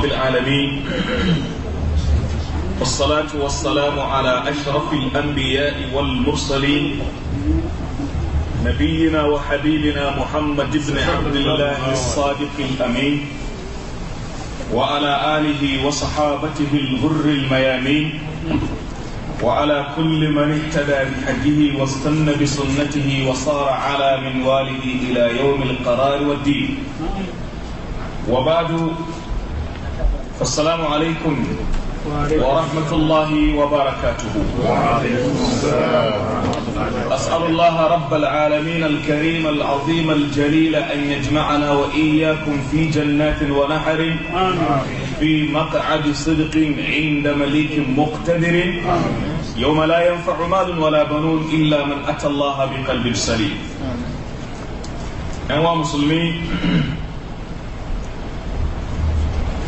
رب العالمين والصلاة والسلام على أشرف الأنبياء والمرسلين نبينا وحبيبنا محمد بن عبد الله الصادق الأمين وعلى آله وصحابته الغر الميامين وعلى كل من اهتدى بحجه واستنى بسنته وصار على من منواله إلى يوم القرار والدين وبعد السلام عليكم ورحمة الله وبركاته وعليكم السلام أسأل الله رب العالمين الكريم العظيم الجليل أن يجمعنا وإياكم في جنات ونحر في مقعد صدق عند مليك مقتدر يوم لا ينفع مال ولا بنون إلا من أتى الله بقلب سليم أيها مسلمين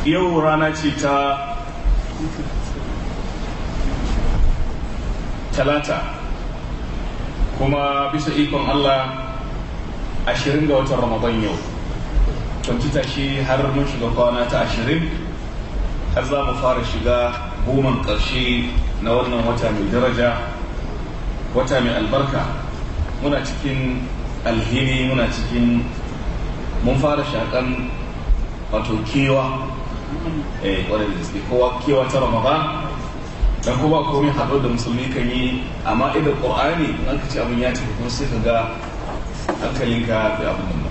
yau rana ce ta talata kuma bisa ikon allah ashirin ga watan ramadan yau kwanci shi har mun shiga kwana ta ashirin har za mu fara shiga goman ƙarshe na wannan wata mai daraja wata mai albarka muna cikin alhini muna cikin mun fara shakan wato kewa eh kwarai gaske kowa kewa ta ramadan dan kuma komai haɗo da musulmi kan yi amma idan qur'ani in aka ce abin ya ce kuma sai ka ga hankalinka bai abin nan ba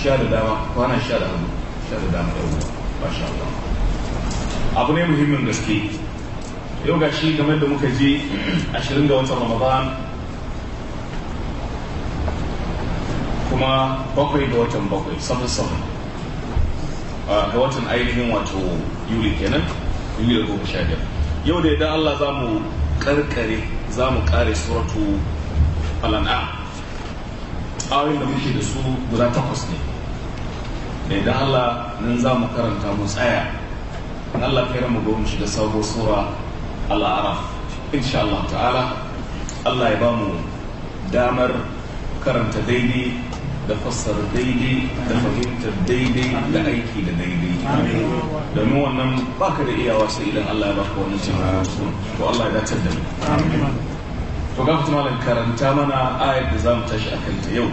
sha da dama kwana sha da hannu sha da dama da uwa masha Allah abu ne muhimmin gaske yau ga shi game da muka ji ashirin ga watan ramadan kuma bakwai ga watan bakwai sabon sabon ga ah, watan ainihin wato yuli kenan yuli da goma sha biyar yau da idan allah za mu karkare za mu kare suratu al'an'a ayoyin da muke da su guda takwas ne da idan allah nan za mu karanta mu tsaya in allah kai ramu ga mu da sabuwar sura al'araf insha ta'ala allah ya ba mu damar karanta daidai ده فسر ديلي ده فهمت ديلي ده اي كي ديلي ده مو ان باكر ايه واسئلة الله يبقوا نجمع والله ده تدم فقفت مال الكرم تامنا آية نظام تشأك اليوم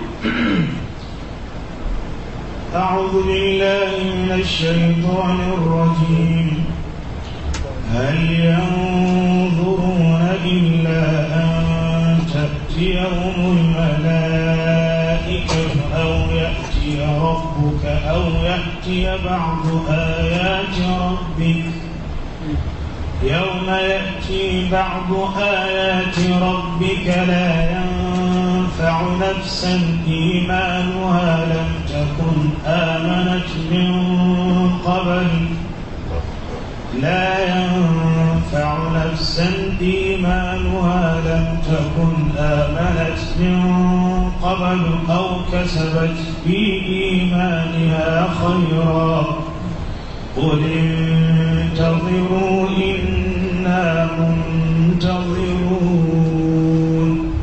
أعوذ بالله من الشيطان الرجيم هل ينظرون يأتي بعض آيات ربك يوم يأتي بعض آيات ربك لا ينفع نفسا إيمانها لم تكن آمنت من قبل لا ينفع نفسا إيمانها لم تكن آمنت من قبل أو كسبت في إيمانها خيرا قل انتظروا إنا منتظرون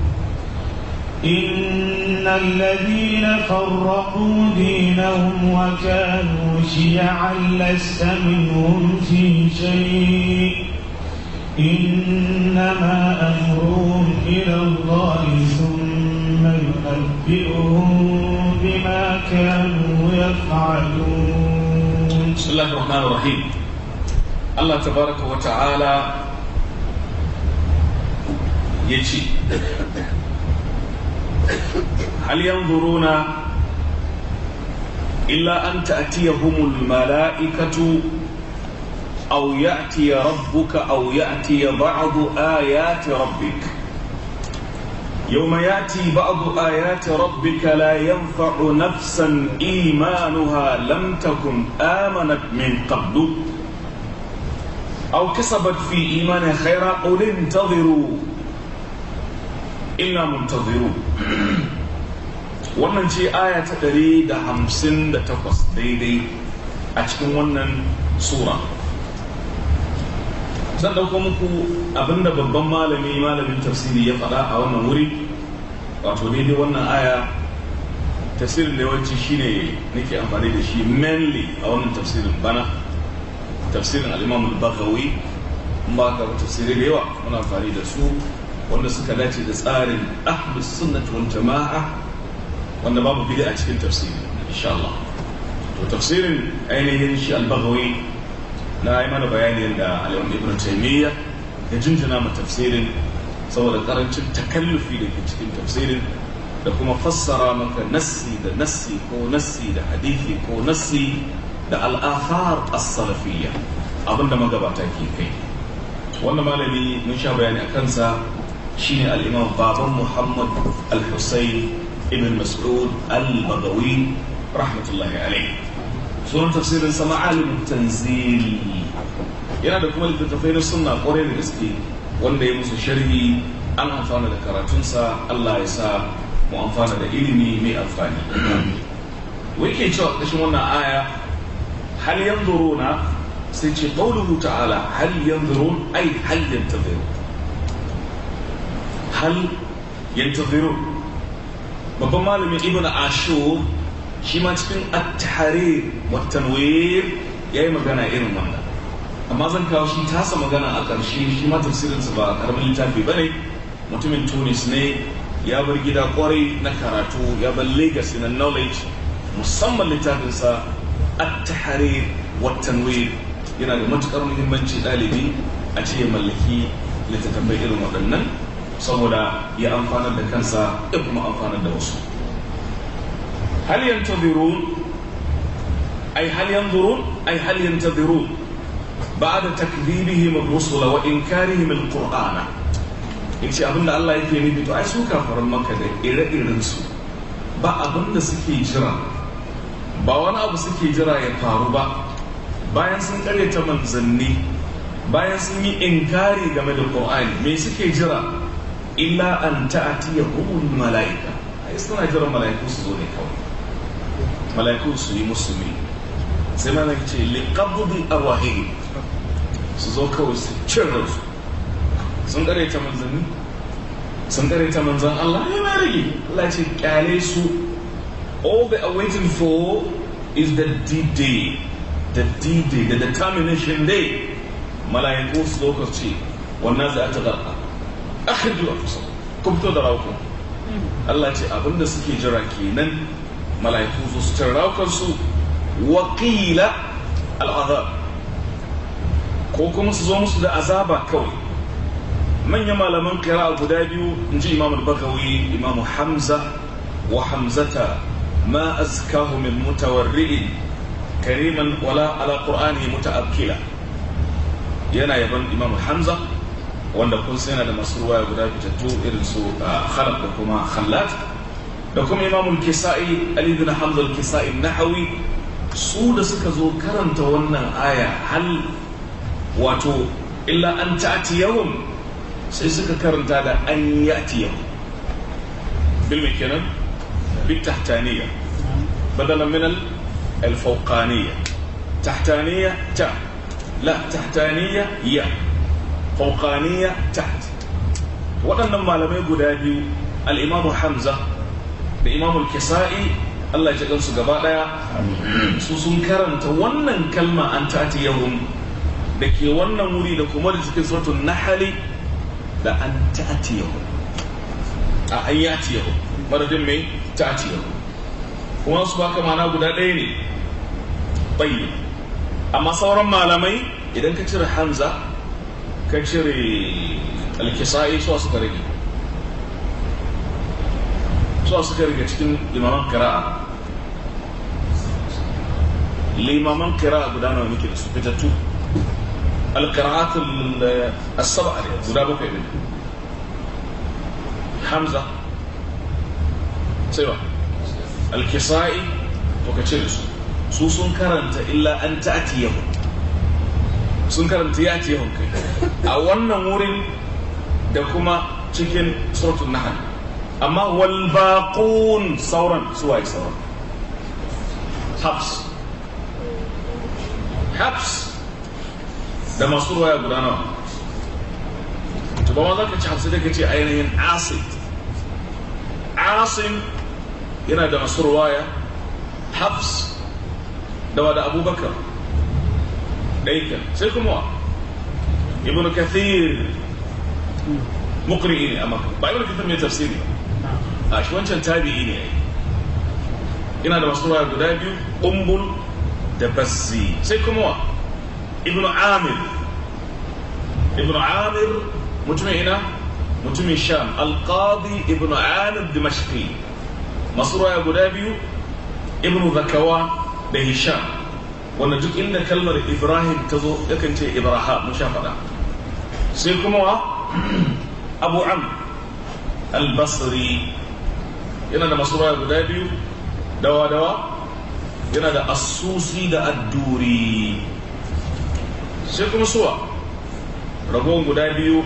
إن الذين فرقوا دينهم وكانوا شيعا لست منهم في شيء إنما أمرهم إلى الله ثم وننبئهم بما كانوا يفعلون بسم الله الرحمن الرحيم الله تبارك وتعالى يجي هل ينظرون إلا أن تأتيهم الملائكة أو يأتي ربك أو يأتي بعض آيات ربك يوم ياتي بعض ايات ربك لا ينفع نفسا ايمانها لم تكن امنت من قبل او كسبت في ايمانها خيرا قل انتظروا انا منتظرون wannan ce aya ta 158 daidai a cikin wannan sura zan ɗauko muku abinda babban malami malamin tafsiri ya faɗa a wannan wuri wato daidai wannan aya tafsirin yawanci shine nake amfani da shi mainly a wannan tafsirin bana tafsirin al al-baghawi ba ka tafsirin da yawa muna amfani da su wanda suka dace da tsarin ahlus sunnah wal jama'a wanda babu bid'a a cikin tafsirin insha Allah to tafsirin ainihin shi al na yi mana bayani da al-imam ibn taymiyyah ya jinjina ma tafsirin saboda karancin takallufi da ke cikin tafsirin da kuma fassara maka nassi da nassi ko nassi da hadithi ko nassi da al'afar as-salafiyya abinda magabata ke kai wannan malami mun sha bayani a kansa shine al-imam baban muhammad al-husayn ibn mas'ud al-bagawi rahmatullahi alayhi sunan tafsirin sama alim tanzil yana da kuma littattafai na sunna kwarai da gaske wanda ya musu sharhi an amfana da karatunsa Allah ya sa mu amfana da ilimi mai amfani wake cewa ƙashin wannan aya hal yanzuruna sai ce qauluhu ta'ala hal yanzurun ai hal yantazirun hal yantazirun babban malamin ibnu ashur shi ma cikin at-tahrir wa tanwir yayi magana irin wannan amma zan kawo shi tasa magana a ƙarshe shi ma tafsirinsa ba karamin littafi ba ne mutumin tunis ne ya bar gida kwarai na karatu ya bar legacy na knowledge musamman littafinsa at hare wa tanwir yana da matukar muhimmanci ɗalibi a ce ya mallaki littattafai irin waɗannan saboda ya amfana da kansa ya kuma amfanar da wasu hal yantazirun ay hal yanzurun ay hal yantazirun بعد تكذيبهم الرسل وإنكارهم القرآن yace abin da Allah yake nufi to ai su kafaran maka da ire-iren su ba abin da suke jira ba wani abu suke jira ya faru ba bayan sun ta manzanni bayan sun yi inkari game da Qur'ani me suke jira Ila an ta'atiya humul mala'ika ai suna jira mala'iku su zo ne kawai su yi musulmi sai ma ce liqabdi arwahihim su zo kawai su cin ransu sun kare ta manzanni sun kare ta manzan Allah ya ma rage Allah ce kyale su all they are waiting for is the D-Day the D-Day the determination day mala'iku su zo ka ce wannan za ta galka akhidul afsal ku fito da rawukan Allah ce abinda suke jira kenan mala'iku zo su tarraukan su wakila al'azab ko kuma su zo musu da azaba kawai manyan malaman kira guda biyu in ji imam bakawi imam hamza wa hamzata ma azkahu min mutawarri'in kariman wala ala qur'ani muta'akkila yana yaban imam hamza wanda kun san da masu ruwaya guda fitattu irin su ah, khalaf da kuma khallat da kuma imam kisai ali bin hamza al-kisa'i nahawi su da suka zo karanta wannan aya hal wato illa an ta'ati yawon sai suka karanta da an ya'ati yawon bil mai kenan bit tahtaniya badalan min al fawqaniya tahtaniya ta la tahtaniya ya fawqaniya ta waɗannan malamai guda biyu al-imamu hamza da imamu al-kisa'i Allah ya ji gansu gaba daya su sun karanta wannan kalma an ta'ati yahum da ke wannan wuri da kuma da cikin sautin nahali da an ta'ati yau a an ya yati yau madadin mai ta'ati yau kuma su baka mana guda ɗaya ne bayi amma sauran malamai idan ka cire hamza ka cire alkisa'i suwa suka rage suwa suka rage cikin limaman kira'a limaman kira guda nawa muke da su fitattu القراءات السبعة ودابا كيف حمزة سيبا الكسائي وكتشلس سو سنكرنت إلا أن تأتيهم سنكرنت يأتيهم كي أولا نورين دكما تشكين سورة النهل أما والباقون سورا سواي سورا حبس حبس da masu ruwaya guda nawa to ba ma za ka ci hafsa ka ce ainihin asin asin yana da masu ruwaya hafs da wada abubakar ɗaika sai kuma ibn kathir mukri ne amma ba ibn kathir mai tafsiri ba a shi wancan tabi'i ne yana da masu ruwaya guda biyu umbul da bazzi sai kuma wa ibn amir ibn amir mutumin ina mutumin sham alqadi ibn amir dimashqi masu ruwaya guda biyu ibn zakawa da hisham Wannan duk inda kalmar ibrahim ta zo yakan ce ibrahim mun sha faɗa sai kuma wa abu am al yana da masu ruwaya guda biyu dawa dawa yana da asusi da adduri sai kuma suwa ragon guda biyu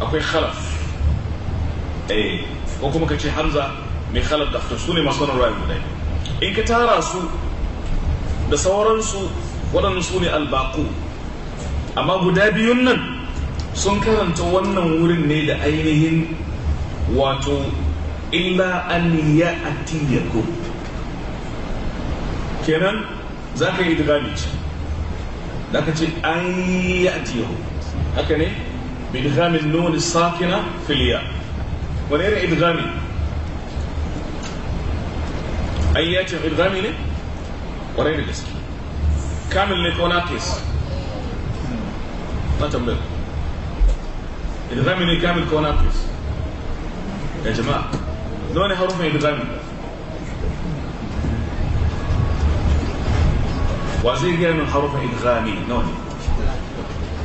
akwai khalaf eh ko kuma ka ce hamza mai khalaf da su ne masu wannan ra'ayi guda biyu. in ka tara su da sauransu waɗannan su ne albaku amma guda biyun nan sun karanta wannan wurin ne da ainihin wato illa an ya atiyaku kenan za ka yi idgami da ka ce an ya atiyaku هكني بإدغام النون الساكنة في الياء ونرى إدغامي أيات إدغامي لي ونرى دسك كامل لك وناقص ما تنبغ إدغامي لي كامل كوناكيس يا جماعة لون حروف إدغامي وزير من حروف إدغامي نوني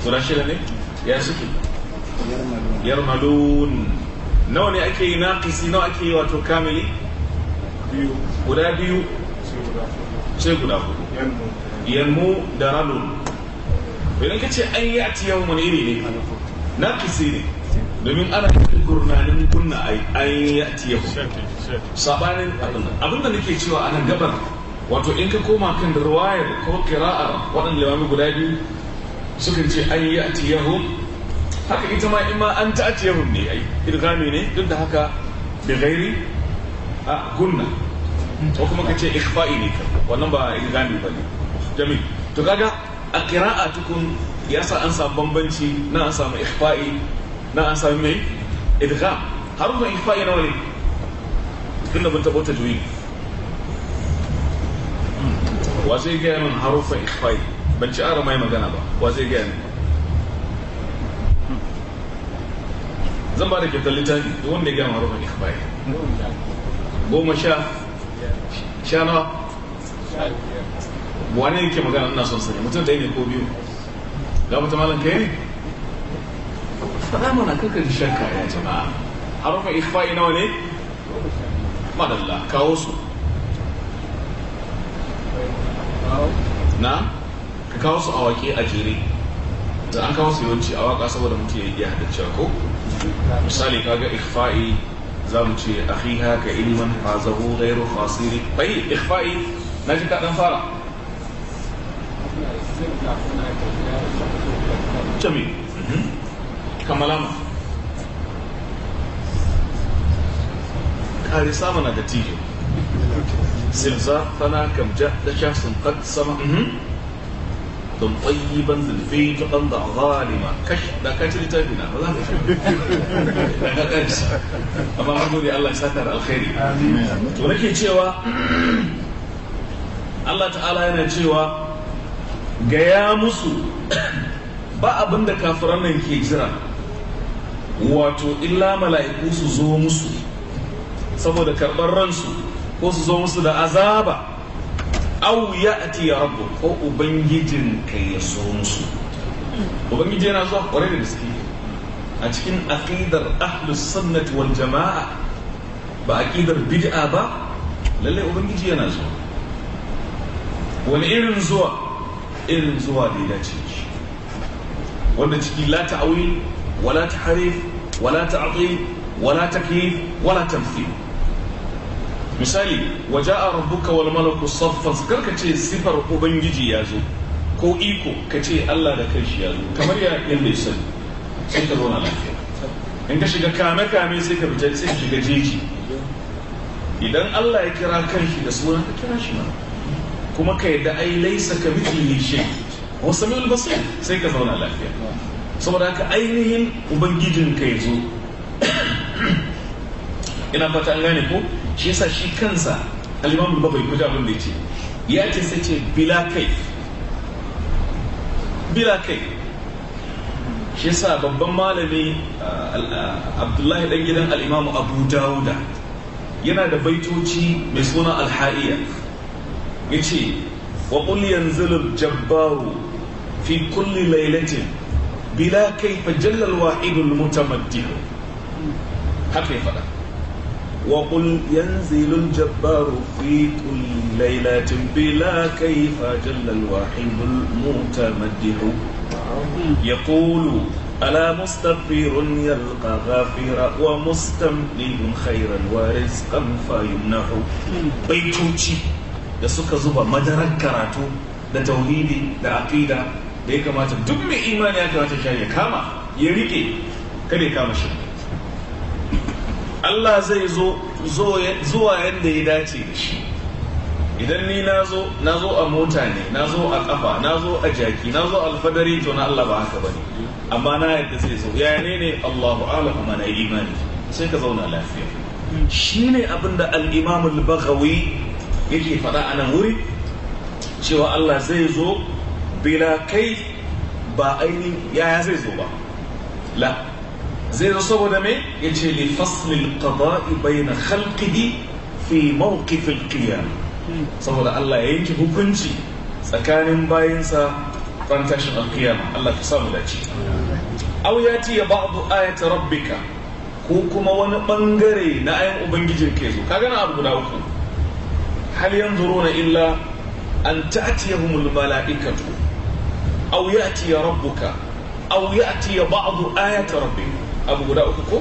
sura shida ne ya suke yarmalun nawa ne ake yi na naqisi nawa ake yi wato kamili biyu guda biyu sai guda hudu yanmu da ralun idan ka ce an yi a tiyan wani iri ne na naqisi ne domin ana yin gurnanin kunna an yi a tiyan sabanin abin da nake cewa a nan gabar wato in ka koma kan ruwayar ko kira'ar waɗanda limami guda biyu suka ce an yi a tiyahum haka ita ma ima an ta a tiyahum ne ai idgami ne duk da haka da gairi a gunna ko kuma ka ce ikhfa'i ne ka wannan ba idgami ba ne jami to kaga a kira'a tukun ya sa an samu bambanci na an samu ikhfa'i na an samu mai idgham harufan ikhfa'i nawa ne tun da mun juyi tajwidi yi hmm. gaya min harufan ikhfa'i ban ci ara mai magana ba wa zai gaya ne zan ba da kyautar littafi da wanda ya gaya ma rufin ikhbari goma sha sha nawa ne yake magana ina son sani mutum ɗaya ne ko biyu ga mutum malam kai ne faɗa mana kakar shakka ya jama'a harufin ikhbari nawa ne madalla kawo su na kawo su a wake a jere da an kawo su yawanci a waka saboda mutum ya iya haddace ko misali kaga ikhfa'i za mu ce fi haka ilman fazahu ghairu fasiri bai ikhfa'i na ji kaɗan fara cami mhm. kamalama ma ƙari samana da tijo silza tana kamja da sun kad sama mhm. don tsayiban zulfi ta ɓanda zalima kashi da kaci littafi na ba za ka shi na ƙarshe amma an gode Allah ya saka da alkhairi to nake cewa Allah ta'ala yana cewa gaya musu ba abin da kafiran nan ke jira wato illa mala'iku su zo musu saboda karɓar ransu ko su zo musu da azaba au ya rabbu ko ubangijin ka ya so musu ubangiji yana zuwa kwarai da gaske a cikin aqidar ahlus sunnati wal jama'a ba aqidar bid'a ba lalle ubangiji yana zuwa wani irin zuwa irin zuwa da ya dace wanda ciki la ta'awil wala ta tahrif wala ta'til wala takyif wala tamthil misali waje a rubuka wal malaku saffan karka ce sifar ubangiji ya zo ko iko ka ce Allah da kai shi ya zo kamar ya yanda ya sani sai ka zauna lafiya in ka shiga kame kame sai ka fita sai ka shiga jeji idan Allah ya kira kanshi da suna ka kira shi ma kuma ka yadda ai laisa ka mithlihi shi wa samiul basir sai ka zauna lafiya saboda haka ainihin ubangijin ka ya zo ina fata an gane ko shi yasa shi kansa alimamin babai kuja abin da ce ya ce sai ce bila kai bila kai shi yasa babban malami uh, uh, abdullahi dan gidan al'imamu abu dawuda yana da baitoci mai suna alha'iya ya ce wa qul yanzilu jabbaru fi kulli lailatin bila kai fa jalla al-wahid haka ya faɗa وقل ينزل الجبار في كل ليلة بلا كيف جل الواحد المتمدح يقول ألا مستغفر يلقى غافرا ومستملي خيرا ورزقا فيمنح بيتوتي da suka zuba madarar karatu da tauhidi da aqida da ya kamata duk mai imani ya kamata ya kama ya rike kada ya kama shi Allah zai zo zuwa yadda ya dace da shi idan ni na zo na zo a mota ne na zo a kafa na zo a jaki na zo alfadari to na Allah ba haka bane amma na yadda zai zo ya ne ne Allahu a'lamu mana imani sai ka zauna lafiya shine abin da al-Imam al-Baghawi yake faɗa a nan wuri cewa Allah zai zo bila kai ba ainihin yaya zai zo ba la زي الرسول ده مين؟ يجي لفصل القضاء بين خلقه في موقف القيامة. صلى الله الله يجي بكنجي سكان سا فانتشر القيامة الله تصاب لأجي أو يأتي بعض آية ربك كوكما ونبنغري نائم أبنجي الكيزو كاغن أبو داوكو هل ينظرون إلا أن تأتيهم الملائكة أو يأتي ربك أو يأتي بعض آية ربك abu guda uku ko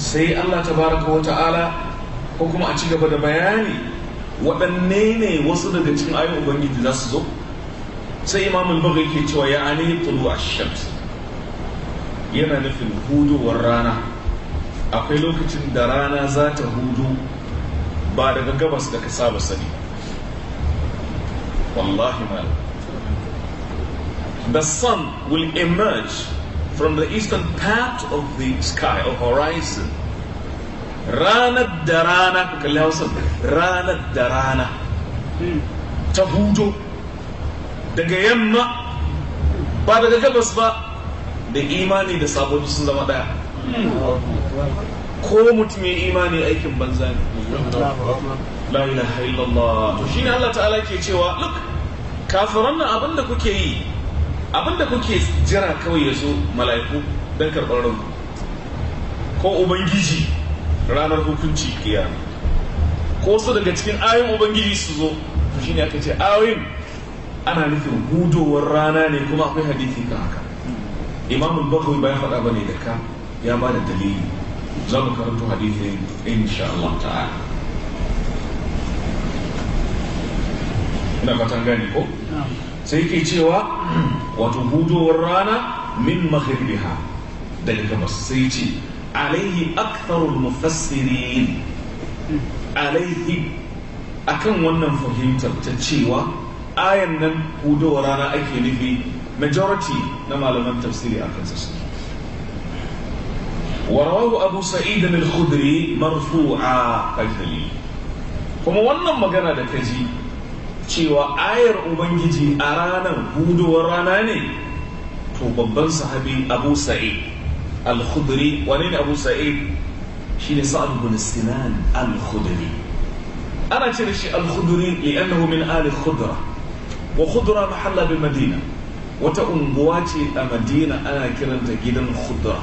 sai Allah tabaraka wa ta'ala ko kuma a ci gaba da bayani waɗanne ne wasu daga cikin ayin ubangiji za su zo sai imamul bagai ke cewa ya ani tulu ash-shams yana nufin huduwar rana akwai lokacin da rana za ta hudu ba daga gabas da ka saba sani wallahi the sun will emerge from the eastern part of the sky or horizon ranar da rana ku ranar da rana ta hutu. daga yamma ba daga gabas ba da imani da sabobi sun zama ɗaya. ko mutum ya imani aikin banza ne la ilaha illallah to ne Allah ta'ala ke cewa look kafiran nan da kuke yi Abin da kuke jira kawai ya zo mala'iku don karɓar ranku ko ubangiji ranar hukunci kiya ko su daga cikin ayin ubangiji su zo to ne aka ce ayoyin ana nufin hudowar rana ne kuma akwai hadithi kan haka imamun bakwai bayan faɗa ba ne da ka ya ba da dalili za mu karanto hadithi insha Allah ta'ala ina fatan gani ko sai ke cewa wato hudowar rana min maghribiha daga gabas sai ce alaihi aktharul mufassirin alaihi akan wannan fahimtar ta cewa ayan nan hudowar rana ake nufi majority na malaman tafsiri a kansa su ورواه أبو سعيد الخدري مرفوعا كالدليل kuma wannan magana da ji. cewa ayar ubangiji a ranar huduwar rana ne to babban sahabi abu sa'id al-khudri wane ne abu sa'id shine sa'ad bin sinan al-khudri ana ce da shi al-khudri li'annahu min ali khudra wa khudra mahalla bi madina wata unguwa ce a madina ana kiranta gidan khudra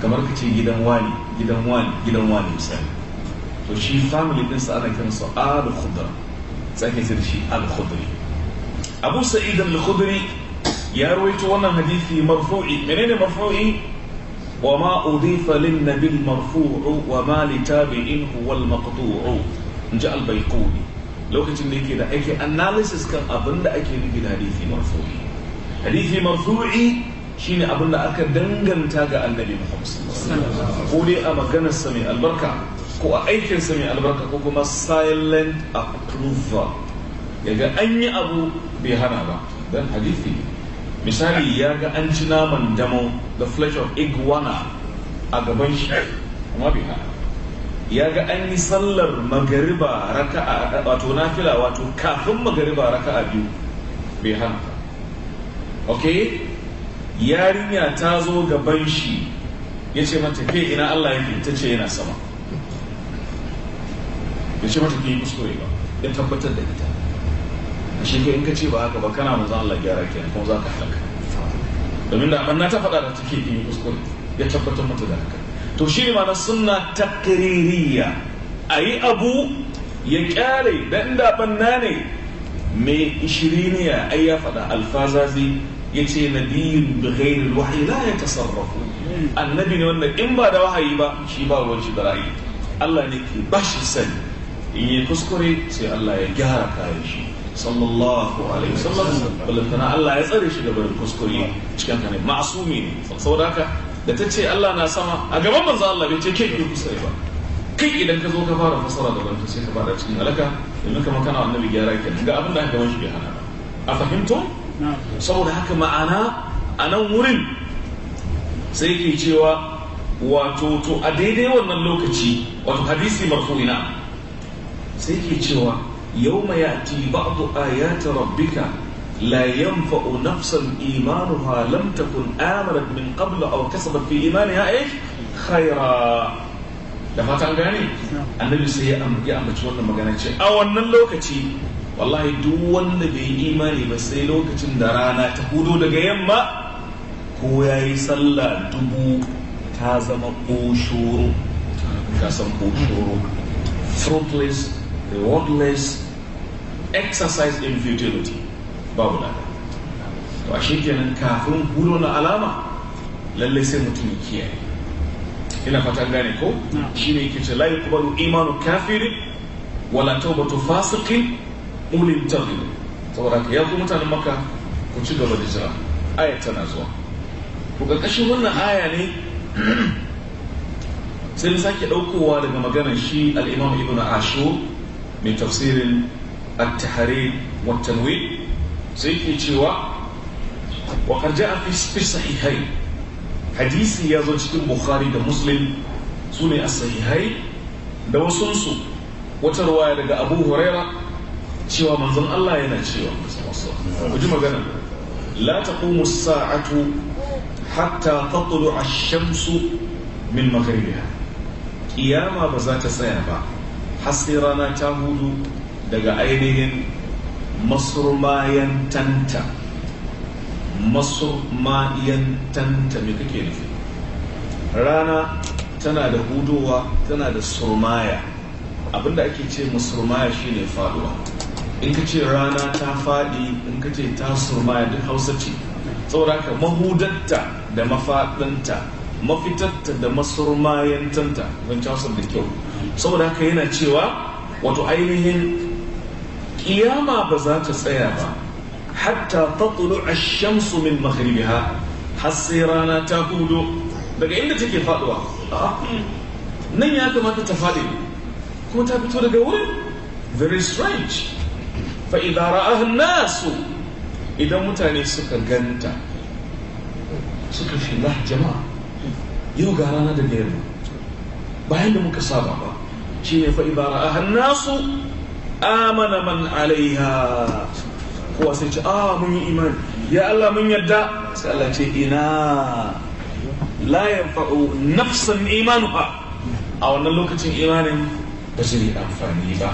kamar ka ce gidan wani gidan wani gidan wani misali to shi family din sa ana kiransa al-khudra sake da shi al-khudri abu sa'id al-khudri ya rawaito wannan hadisi marfu'i menene marfu'i wa ma udifa lin nabi marfu'u wa ma li tabi'in huwa al-maqtu'u inji al-bayquni lokacin da yake da ake analysis kan abin da ake nufi da hadisi marfu'i hadisi marfu'i shine abin da aka danganta ga annabi Muhammad ko dai a maganar sa mai albarka ko a aikinsa mai albarka ko kuma silent approval yaga an yi abu bai hana ba don hadithi misali ya ga an ci naman damo the flesh of iguana a gaban shi kuma bai hana ya ga an yi sallar magariba raka'a wato nafila wato kafin magariba raka'a biyu bai hana ba, ok yarinya ta zo gaban shi ya ce mata ke ina Allah yake ta ce yana sama da ce mata yi kuskure ba ya tabbatar da ita a shekar in ka ce ba haka ba kana manzan Allah gyara ke kuma za ka halaka domin da na ta faɗa da take yi kuskure ya tabbatar mata da haka to shi ne mana sunna takririya a yi abu ya kyale dan da banna ne mai ishiriniya ai ya faɗa alfazazi ya ce nabiyin bighairil wahayi la ya tasarrafu annabi ne wanda in ba da wahayi ba shi ba ruwan shi da ra'ayi Allah ne ke bashi sani in eh, yi kuskure sai Allah ya gyara kayan shi sallallahu alaihi wasallam balantana Allah ya tsare shi gaban kuskure cikin kanin ma'sumi ne saboda haka da ta ce Allah na sama a gaban manzo Allah bai ce ke ki kuskure ba kai idan ka zo ka fara fasara da banta sai ka fara cikin alaka domin kamar kana annabi gyara kenan ga abin da aka gaban shi bai hana a fahimto saboda haka ma'ana a nan wurin sai ke cewa wato to a daidai wannan lokaci wato hadisi marfu'ina sai ke cewa yawma ya'ti ba'du ayati rabbika la yanfa'u nafsan imanuha lam kun amanat min qabl aw kasabat fi ya eh khaira da fatan gane annabi sai ya ambaci wannan magana ce a wannan lokaci wallahi duk wanda bai yi imani ba sai lokacin da rana ta hudo daga yamma ko ya yi sallah dubu ta zama koshoro ka san koshoro fruitless the worthless exercise futility babu lada to a kenan kafin hulo na alama lallai sai mutum kiyaye ina fatan gane ko ne yake ce la yuqbalu imanu kafirin wala tawbatu fasiqin ulil taghyir saboda ka yaku mutanen maka ku ci gaba da jira ayat tana zuwa ku kashi wannan aya ne sai na sake ɗaukowa daga maganar shi al-imam ibnu ashur mai tafsirin at-tahrir wa tanwin sai ke cewa wa qad ja'a fi sahihain hadisi ya zo cikin bukhari da muslim su ne a sahihai da wasunsu wata ruwaya daga abu huraira cewa manzon Allah yana cewa ku magana la taqumu sa'atu hatta tatlu ash-shamsu min maghribiha Iyama ba za ta tsaya ba har rana ta hudu daga ainihin masurmayan tanta me kake nufi rana tana da hudowa tana da surmaya abinda ake ce masurmaya shine faduwa in ka ce rana ta faɗi in ka ce ta surmaya duk hausa ce saboda haka mahudatta da mafaɗinta mafitarta da masurmayantanta zan hausa da kyau saboda haka yana cewa wato ainihin kiyama ba za ta tsaya ba hatta ta tatlu a shamsu min maghribiha har sai rana ta hudu daga inda take faduwa nan ya kamata ta faɗi kuma ta fito daga wurin very strange fa idza ra'aha nasu idan mutane suka ganta suka fi jama'a yau ga rana da gare bayan da muka saba ba shi ne fa'i bara a hannasu amana man alaiha kowa sai ce ah mun yi imani ya Allah mun yadda sai Allah ce ina la yanfa'u nafsan imanuha a wannan lokacin imanin ba zai yi amfani ba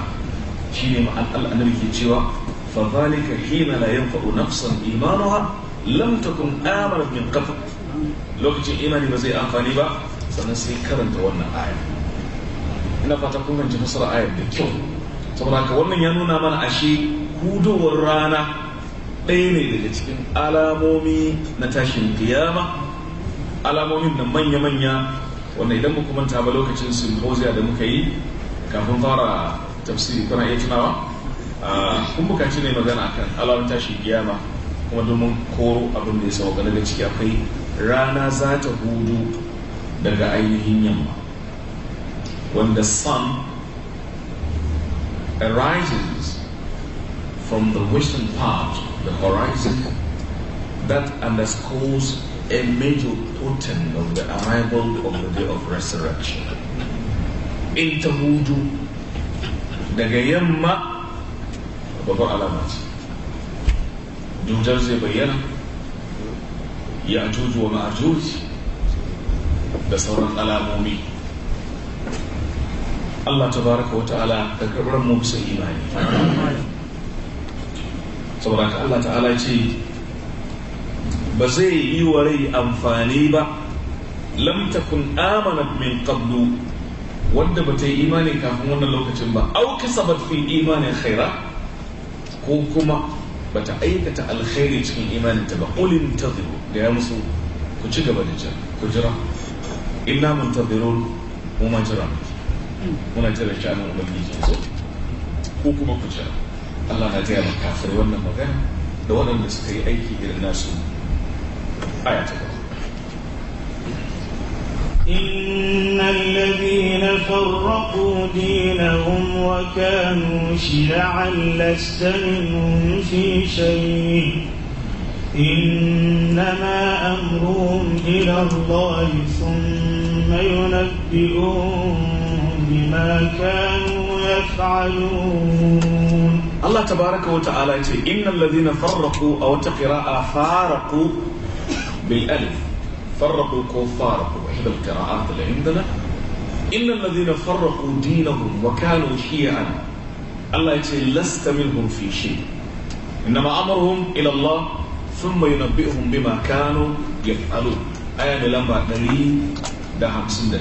shi ne ma'an al'anar ke cewa fa zalika hina la yanfa'u nafsan imanuha lam takun amanat min qabl lokacin imani ba zai amfani ba sannan sai karanta wannan ayar ina fata kun fahimci fasara ayar da kyau saboda haka wannan ya nuna mana ashe hudowar rana ɗaya ne daga cikin alamomi na tashin kiyama alamomin na manya-manya wanda idan muka manta ba lokacin symposia da muka yi kafin fara tafsiri kuna iya tunawa kun ah, bukaci ne magana akan alamun tashin kiyama kuma domin koro abin da ya sauka daga ciki akwai rana za ta hudu daga ainihin yamma when the sun arises from the western part the horizon that underscores a major portent of the arrival of the day of resurrection in ta hudu daga yamma babbar alama ce zai bayyana ya tuju wa ma'ajuj da sauran alamomi Allah ta baraka wa ta'ala da karɓar mu bisa imani saboda ka Allah ta'ala ce ba zai yi wa rai amfani ba lam takun amanat min qablu wadda ba ta yi imani kafin wannan lokacin ba au kasabat fi imanin khaira ko kuma bata aikata alkhairi cikin imaninta ba qulin tadhiru da ya musu ku ci gaba da jira ku jira inna muntadhirun mu ma jira muna jira wani ubangiji zo ko kuma ku jira Allah na gaya ma kafirai wannan magana da waɗanda suka yi aiki irin nasu aya ta إن الذين فرقوا دينهم وكانوا شيعا لست منهم في شيء إنما أمرهم إلى الله ثم ينبئهم بما كانوا يفعلون الله تبارك وتعالى إن الذين فرقوا أو تقراء فارقوا بالألف فرقوا كفارقوا احدى القراءات اللي عندنا ان الذين فرقوا دينهم وكانوا شيعا الله يقول لست منهم في شيء انما امرهم الى الله ثم ينبئهم بما كانوا يفعلون ايه لما دليل ده خمسين ده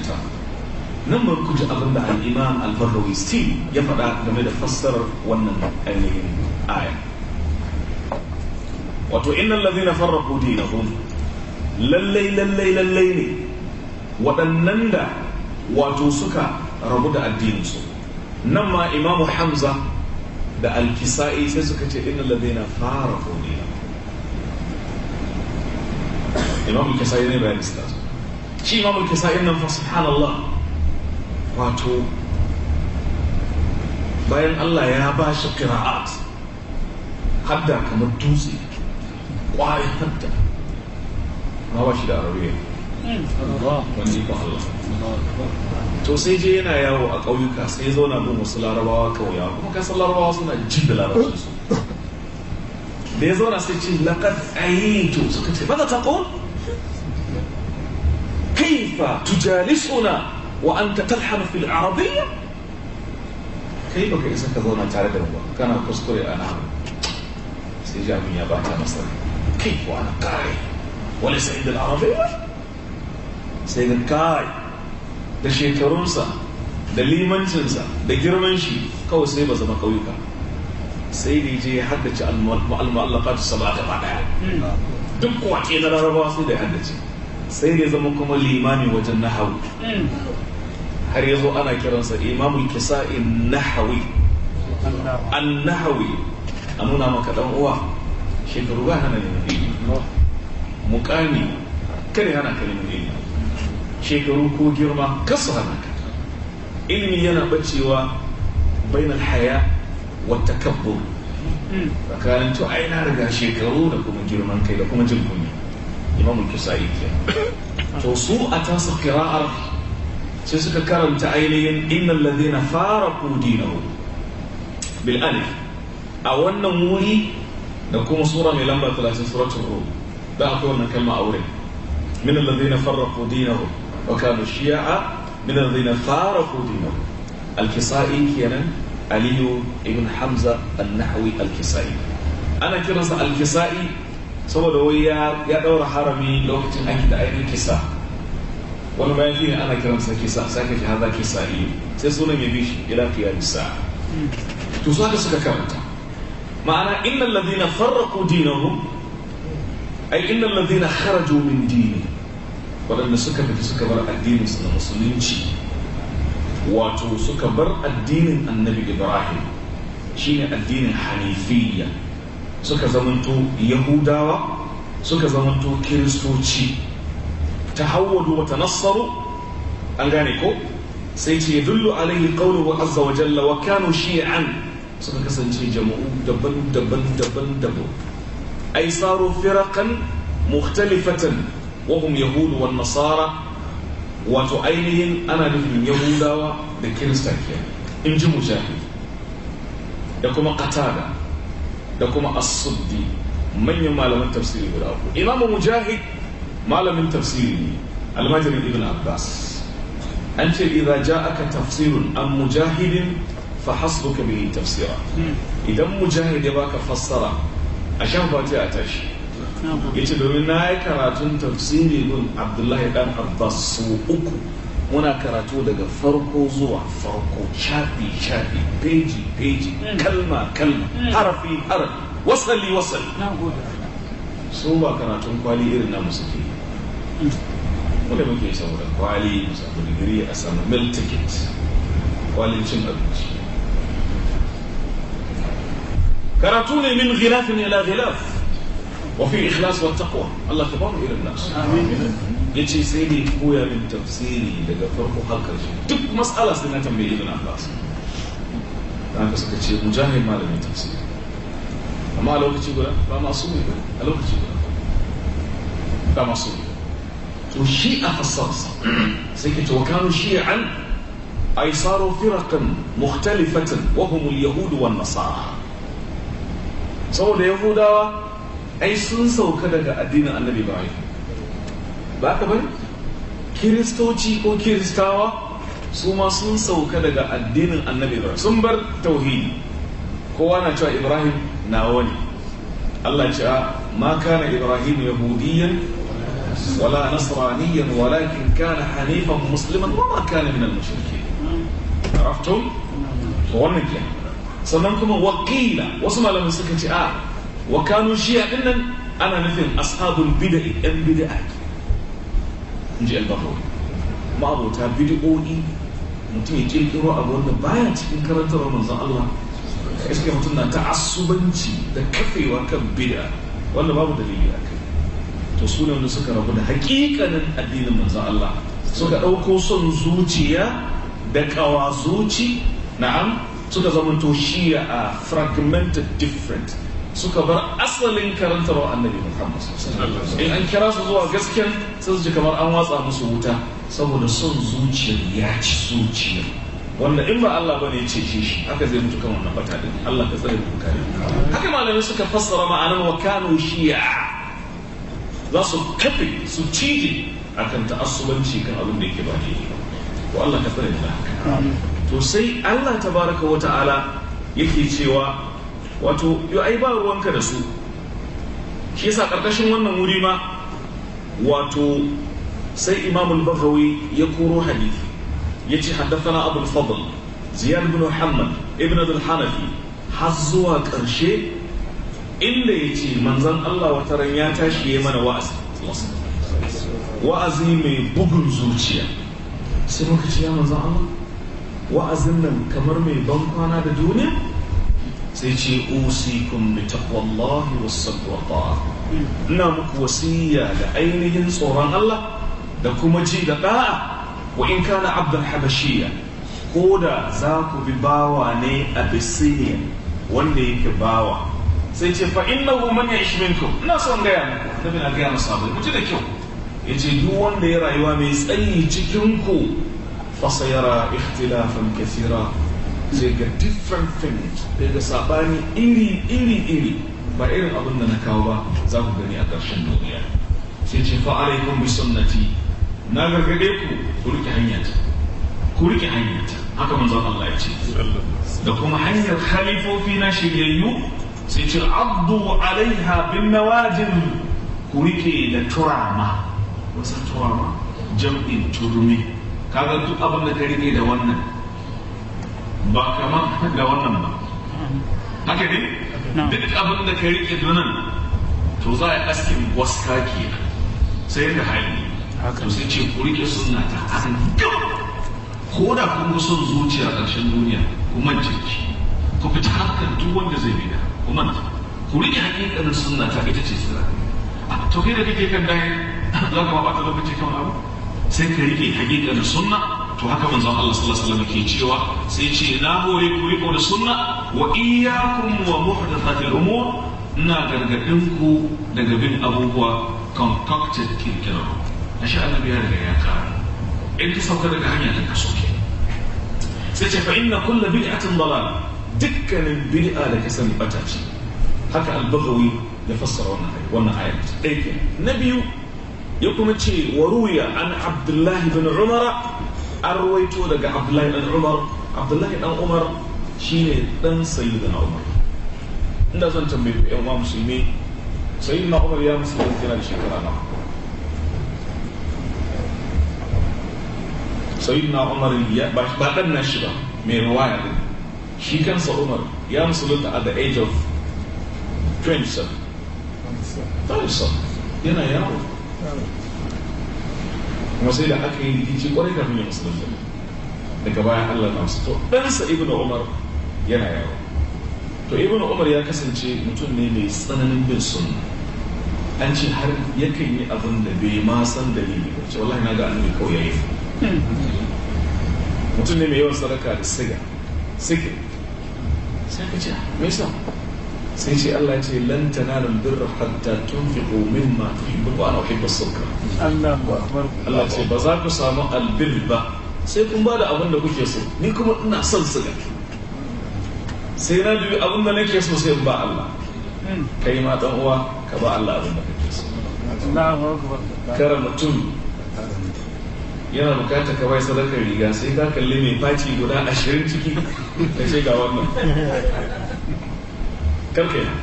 نما كنت أظن الإمام البروي ستيل يفعل لما يفسر ونن هذه آية وَإِنَّ الذين فرقوا دينهم للي للي للي, waɗannan da wato suka rabu da addininsu nan ma imamu hamza da alkisa'i sai suka ce inna ladaina fara kodina imamu alkisa'i ne bayan iska shi imamu alkisa'i nan fa subhanallah wato bayan Allah ya ba shi qira'at hadda kamar dutse ƙwayar hadda ma ba shi da arabiya to sai je yana yawo a ƙauyuka sai zo na bin wasu larabawa ƙauya kuma kasan larabawa suna ji da larabawa su da ya zauna sai ce laƙar ayyuto suka ce maza ta ƙon kaifa tujalisuna wa an ta talhama fil arabiyya kai baka isa ka zauna tare da ruwa kana kuskure a nan sai jami'a ba ta masa kai wa na kare wani sa'id al-arabiyya sai ga kai da shekarunsa da limancinsa da girman shi kawai sai ba zama kauyuka sai da je ya haddace al-mu'allaqatu sab'a gaba daya duk wake na rarrabawa sai da ya haddace sai da zama kuma limami wajen nahawu har yazo ana kiransa imamul kisa'i nahawi an-nahawi a nuna maka dan uwa shekaru ba hana ne kani kare hana kalin ne shekaru ko girma kasu halaka ilimi yana bacewa bainal haya wata takabbur tsakanin to ai na riga shekaru da kuma girman kai da kuma jin kunya imam kisai ke to su a tasu kira'ar sai suka karanta ainihin innal ladina faraqu dinahu bil alif a wannan wuri da kuma sura mai lamba 30 suratul rum da akwai wannan kalma aure min alladhina farraqu dinahum وكانوا شيعا من الذين فارقوا دينهم الكسائي كينا علي بن حمزة النحوي الكسائي أنا كرس الكسائي سوى دويا يا دور حرمي لوقت أكيد أين كسا wani bayan shi ne ana kiransa kisa sake shi haza kisa iya sai sunan ya bi shi ila fiya bisa to su haka suka karanta ma'ana innal ladina ladina dini waɗanda suka fita suka bar addinin su na musulunci wato suka bar addinin annabi ibrahim shine addinin hanifiyya suka zamanto yahudawa suka zamanto kiristoci ta hawwadu wa tanassaru an gane ko sai ce dullu alaihi qawluhu azza wa jalla wa kanu shi'an suka kasance jama'u daban daban daban daban ai saru firaqan mukhtalifatan wahum yahudu wan nasara wato ainihin ana nufin yahudawa da kirista ke in ji mujahid da kuma qatada da kuma as manyan malaman tafsiri guda uku imamu mujahid malamin tafsiri ne almajirin ibn abbas an ce ja ja'aka tafsirun an mujahidin fa hasbuka yi tafsira idan mujahid ya baka fassara a shan a tashi yace domin na yi karatun tafsiri min abdullahi dan abbas sau uku muna karatu daga farko zuwa farko shafi shafi peji peji kalma kalma harfi harfi wasali wasali su ba karatun kwali irin na musuke wanda muke saboda kwali da gari a samu mil ticket kwalin cin abinci karatu ne min ghilafin ila ghilaf وفي الإخلاص والتقوى الله تبارك إلى الناس ya ce sai ne koya min tafsiri daga farko har karshe duk matsala sai na tambaye ibn abbas da aka suka ce mujahid malamin tafsiri amma a lokaci guda ba masu ne ba a lokaci guda ba masu ne to shi a fassarsa sai ke to kanu shi'an ay saru wa yahudawa ai sun sauka daga addinin annabi ba ba ka bari kiristoci ko kiristawa su ma sun sauka daga addinin annabi ibrahim sun bar tauhidi kowa na cewa ibrahim na wani allah ce a ah, ma kana ibrahim yahudiyan wala nasraniyan walakin kana hanifan musliman wa ma kana min al-mushrikeen araftum wannan kenan sannan kuma wakila wasu malamai suka ce a ah, wa kanu shi'a din nan ana nufin ashabul bid'i yan bid'a in ji al-bahrawi ma'abota bid'o'i mutum ya kirkiro abu wanda baya cikin karantarwar manzon Allah iske mutum na ta'assubanci da kafewa kan bid'a wanda babu dalili a kai to su ne suka rabu da hakikanin addinin manzon Allah suka ɗauko son zuciya da kawa na'am suka zamanto shiya a fragmented different suka bar asalin wa annabi Muhammad in an kira su zuwa gasken sai su ji kamar an watsa musu wuta saboda son zuciyar ya ci zuciyar wanda in ba Allah bane ya ce shi haka zai mutu kan wannan bata din Allah ka tsare mu kare haka malamai suka fassara ma'anar wa kanu shi'a za su kafe su cije akan ta'assubanci kan abin da yake ba daidai Ko to Allah ka tsare mu haka to sai Allah tabaraka wa ta'ala yake cewa wato yo ai ba ruwanka da su shi yasa karkashin wannan wuri ma wato sai imamul baghawi ya koro hadisi yace haddathana abul fadl ziyad bin muhammad ibn abdul hanafi har zuwa karshe inda yace manzon Allah wataran ya tashi ya mana wa'azi wa'azi mai bugun zuciya sai muka ce ya manzon Allah wa'azin nan kamar mai ban kwana da duniya sai ce kun bi taqwallahi was sadwa hmm. ina muku wasiya da ainihin tsoron Allah da kuma ji da da'a wa in kana abdan habashiya ko da za ku bi bawa ne a bisiniya wanda yake bawa sai ce fa innahu man ya'ish minkum ina son gaya muku nabi na gaya masa bai mutu da kyau yace duk wanda ya rayuwa mai tsayi cikin ku fa sayara ikhtilafan kathira sai ga different things sai ga sabani iri iri iri ba irin abin da na kawo ba za ku gani a ƙarshen duniya sai ce fa alaikum bi sunnati na gargade ku ku rike hanya ta ku rike hanya ta haka manzo Allah ya ce da kuma hanyar khalifofi na shiryayyu sai ce abdu alaiha bin nawajin ku rike da turama wasa turama jam'in turmi kaga duk abin da ka rike da wannan ba kamar ga wannan ba haka ne duk abin da ka riƙe dunan to za a yi askin waska ke sai da hali to sai ce ku riƙe suna ta asan ko da kun ga son zuciya ƙarshen duniya ku mance ki ku fita hankali duk wanda zai bi da ku mance ku riƙe hakikanin suna ta ita ce sira to kai da kake kan dai za ka ba ta lokaci kan abu sai ka riƙe hakikanin suna. to haka manzon Allah sallallahu alaihi wasallam ke cewa sai ce na hore ku riko da sunna wa iyyakum wa muhdathatil umur ina gargadin ku daga bin abubuwa concocted kirkirar ashe annabi ya riga ya kawo in ka sauka daga hanya ta kaso ke sai ce fa inna kullu bid'atin dalal dukkanin bid'a da ka sani bata ce haka al-baghawi ya fassara wannan wannan ayat ɗaya na biyu ya kuma ce wa ruya an abdullahi bin umara an ruwaito daga abdullahi dan umar abdullahi dan umar shine dan sayyidina umar inda zan tambaye ku yan musulmi sayyidina umar ya musulmi yana da shekara nawa sayyidina umar ya ba dan nashi ba mai ruwaya shi kansa umar ya musulunta at the age of 27 27 yana yawo kuma sai da aka yi rikici kwarai da hanyar musulunci daga bayan Allah na wasu to ɗansa ibn Umar yana yawo to ibn Umar ya kasance mutum ne mai tsananin bin sunna an ce har yakan yi abin da bai ma san dalili ba ce wallahi na ga annabi kawai yayi mutum ne mai yawan sadaka da siga sike sai ka ce mai sa sai shi Allah ce lan na birra hatta tunfiqu mimma tuhibbu wa uhibbu as-sukra Allahu akbar Allah ce ba za ku samu albir ba sai kun ba da abin da kuke so ni kuma ina son su sai na dubi abin da nake so sai in ba Allah hmm. kai ma dan uwa ka ba Allah abin da kake so kara mutum yana bukata ka bai sadakar riga sai ka kalli mai faci guda ashirin ciki ka ce ga wannan karka yana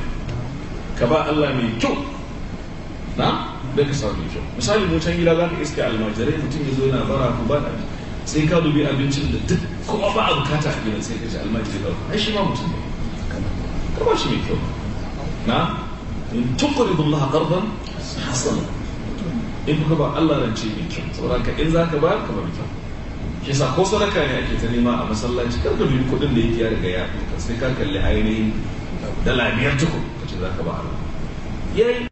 ka ba Allah mai kyau na da ka samu kyau misali mu can gida za ka iske almajirai mutum ya zo yana bara ku ba sai ka dubi abincin da duk kuma ba a bukata a gidan sai ka ci almajiri ba ai shi ma mutum ne ka ba shi mai kyau na in tuqridu laha qardan hasana in kuka ba Allah ce mai kyau sauran ka in ka ba ka ba mai kyau ke sa ko sadaka ne ake ta nema a masallaci kar ka dubi kuɗin da yake ya riga ya sai ka kalli ainihin dala biyar tukun ka ce za ka ba Allah yayi